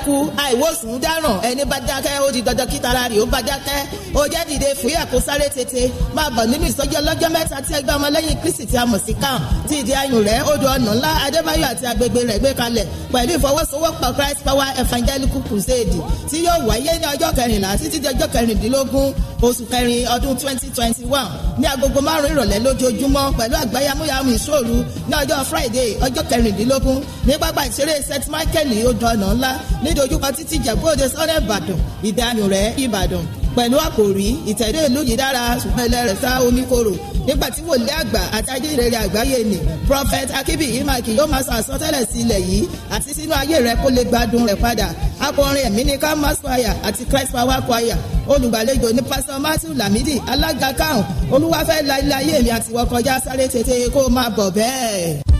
dákú àìwòsàn dáràn ẹni bá dákẹ́ ó di dandan kí tara rè ó bá dákẹ́ ó jẹ́ dìde fúyà kó sáré tètè máa bọ̀ nínú ìsọjí ọlọ́jọ́ mẹ́ta tí ẹgbẹ́ ọmọlẹ́yìn kristi tí a mọ̀ sí kan tí ìdí ayùn rẹ̀ odò ọ̀nà ńlá adébáyọ̀ àti agbègbè rẹ̀ gbé kalẹ̀ pẹ̀lú ìfọwọ́sowọ́pọ̀ christ power evangelical crusade tí yóò wáyé ní ọjọ́ kẹrìnlá títí di ọjọ́ kẹrìndínlógún oṣù kẹrin ọdún twenty twenty one ní agogo márùn-ún ìrọ̀lẹ́ lójoojúmọ́ pẹ̀lú àgbáyámúyámú ìṣòru ní ọjọ́ friday ọjọ́ kẹrìndínlógún ní pápá ìṣeré st michael odò ọ̀nà ńlá ní nídojúkọ títí Ìjẹ̀bú Òde Ìbàdàn ìdánù rẹ̀ Ìbàdàn pẹ̀lú àkòrí ìtẹ̀dé ìlú yìí dára ṣùgbọ́n ẹlẹ́rẹ̀ sá omi kòrò nígbà tí wòlíì àgbà àti ajínrere àgbáyé ni prophet Akínbíyì Mike yóò máa sọ àsọtẹ́lẹ̀ sí ilẹ̀ yìí àti sínú ayé rẹ kó lè gbádùn rẹ padà akọrin ẹ̀mí ní camas choir àti Christ power choir olùgbàlejò ní pásítọ̀ Matthew Lamidi alága kan olúwafẹ́ láíláyé mi àtiwọ́ kọjá sáré tètè kó máa bọ̀ bẹ́ẹ̀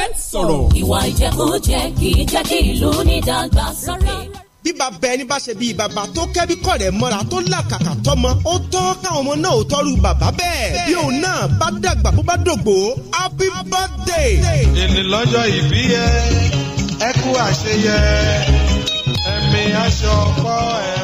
fẹ́ sọ̀rọ̀. ìwà ìjẹkújẹ kì í jẹ́ kí ìlú ní ìdàgbàsókè bí bàbá ẹni bá ṣe bí bàbá tó kẹ́bí kọ̀ rẹ̀ mọ́ra tó làkàkà tọ́mọ ó tọ́ káwọn ọmọ náà ò tọ́rù bàbá bẹ́ẹ̀ bí òun náà bá dàgbà bó bá dògbò happy birthday. èlé lọ́jọ́ ìbí yẹ ẹ kú àṣeyẹ ẹ̀mí aṣọ ọkọ ẹ̀.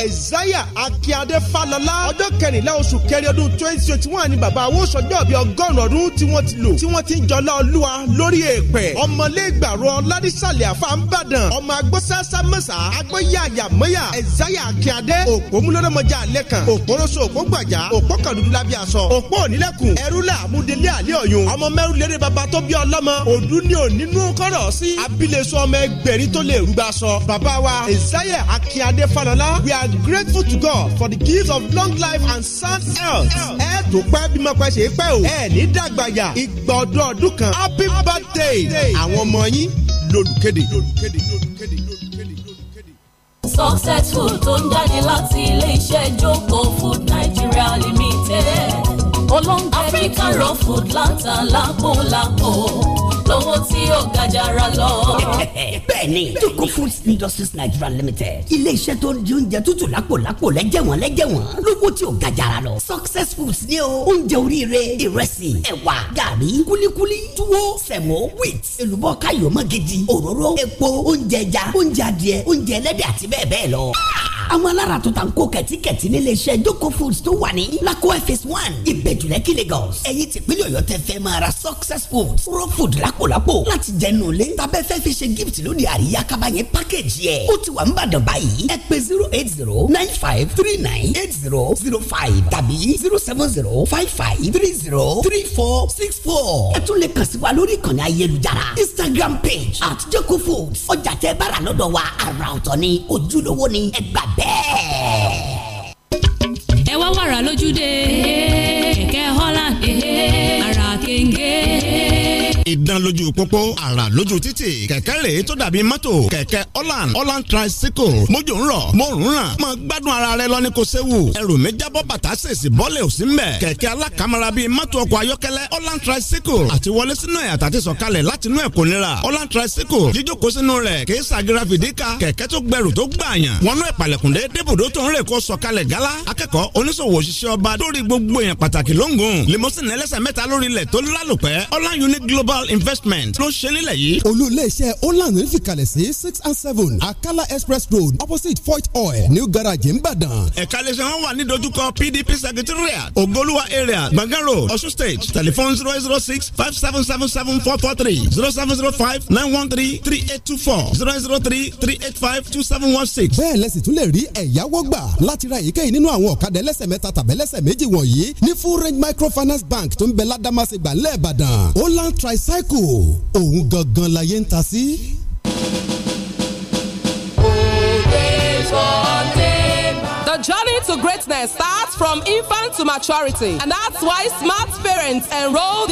Isaiah Akíadé Fálọlá ọjọ́ kẹrìnlá oṣù kẹrin ọdún twenty twenty one ni bàbá àwọn sọjọ́ bíi ọgọ́rùn-ún ọdún tí wọ́n ti lò tí wọ́n ti ń jọlá olúwa lórí èèpẹ̀ ọmọlẹ́gbàrún ọ̀làdísàlẹ̀ àfàǹbàdàn ọmọ agbósásá mẹ́sà agbóyàyà mẹ́yà Isaiah Akíadé òpómúlódọ́mọjà lẹ́kàn òpóróso òpógbàjà òpókàdúdúlábí aṣọ òpó onílẹ̀kùn ẹrúlà àmúdélé àlẹ́ ọ̀yún ọmọ mẹ́rù lérè bàbá tó bí ọlọ́mọ òdú ní onínú kọ́rọ̀ sí abiléso ọmọ ẹgbẹ̀rin tó lè rúgbà sọ bàbá wa Isaiah Akíadé Fálọlá we grateful to God for the gift of long life and sound health. ẹ tó pẹ́ bí mo pẹ́ ṣe pẹ́ o ẹ dàgbàyà ìgbọ̀dọ̀ ọdún kan happy birthday àwọn ọmọ yín lólùkéde. successful tó ń jáde láti ilé-iṣẹ́ jókòó food Nigeria limited olóńgbé African food láǹtà lápò lápò lówó tí ó ga jara lọ. bẹ́ẹ̀ni joko foods industries nigeria limited iléeṣẹ́ tó ń di oúnjẹ tútù lápòlápò lẹ́jẹ̀wọ̀n lẹ́jẹ̀wọ̀n lówó tí ó ga jara lọ. success foods ni o oúnjẹ oríire ìrẹsì ẹ̀wà gàrí kúlíkúlí túwó sẹ̀mọ́ wheat èlùbọ́ káyọ̀ mọ́gidi òróró epo oúnjẹ ẹja oúnjẹ adìẹ oúnjẹ ẹlẹ́dẹ̀ àti bẹ́ẹ̀ bẹ́ẹ̀ lọ. àwọn alára tó ta ń kó kẹ̀tíkẹ̀tí níléeṣẹ́ joko foods tó wà ní lakowa phase one ìbẹ̀jùlẹ̀ kí lagos ẹ̀yìn tìpínlẹ̀ ọ̀yọ́ tẹ fẹ́ máa ra success foods raw food lápò lápò lápò láti jẹnu ilé tàbẹ́ fẹ́ fi ṣe gift lóde àríyá kaba yẹn package yẹ ó ti wà ń bàdàn báyìí ẹ pè zero eight zero nine five three nine eight zero zero five tàbí zero seven zero five five three zero three four six four ẹ tún lè kàn sí wa lórí ìkànnì ayélujára instagram page at jeko foods ọjà tẹ bára lọ́dọ̀ wa àrà ọ̀tọ̀ ni ojúlówó ni ẹ gbà bẹ́ẹ̀ ẹ wá wàrà lójúde kẹ̀kẹ́ holland ara kéńgé ìdán lójú pópó àrà lójú títì kẹ̀kẹ́ rèé tó dàbí mọ́tò kẹ̀kẹ́ holland holland tricycle mójú ń rọ̀ ràn mọ gbádùn ara rẹ lọ kò séwu ẹrù mi jábọ́ bàtà sèṣì bọ́lẹ̀ ò sí mbẹ̀ kẹ̀kẹ́ alákàmọ́ra bíi mọ́tò ọkọ̀ ayọ́kẹ́lẹ́ holland tricycle àti wọlé sínú ẹ̀ àtàtì sọ̀kalẹ̀ láti inú ẹ̀ kò nira holland tricycle jíjókòó sínú rẹ̀ kì í sàgéra fìdíkà kẹ̀kẹ́ tó gbẹrù tó gbààyàn wọnú ìpàlẹ̀kùndé débùdó tó ń rè kó sọ̀kalẹ̀ gálá akẹ́kọ̀ọ́ oníṣòwò òṣìṣẹ́ ọba lórí gbogbo èèyàn pàtàkì lóńgùn limousine ẹlẹ́sẹ̀ mẹ́ta lórí ilẹ̀ tó lálùpẹ́ holland unique global global investment ló ń ṣe nílẹ̀ yìí. olú iléeṣẹ́ holland ń fìkàlẹ̀ sí six and seven akala express road opposite fort oil new garage nìbàdàn. ẹ̀ka lẹ́sẹ̀ wọn wà ní dojúkọ pdp secretariat ogoluwa area gbọ̀ngàn road ọ̀ṣun state telephone zero zero six five seven seven seven four four three zero seven zero five nine one three three eight two four zero zero three three eight five two seven one six. bẹ́ẹ̀ lẹ́sìn tún lè rí ẹ̀yáwó gbà láti ra èyíkéyìí nínú àwọn ọ̀kadà ẹlẹ́sẹ̀ mẹ́ta tàbẹ́lẹ́sẹ̀ méjì wọ̀nyí ní full range microfinance bank tó ń bẹ ládàmásẹ̀gbà lẹ́ẹ̀bàdàn holland tri recycle òun gangan láyé ń ta sí. The journey to greatness starts from infant to maturity, and that's why smart parents enroll their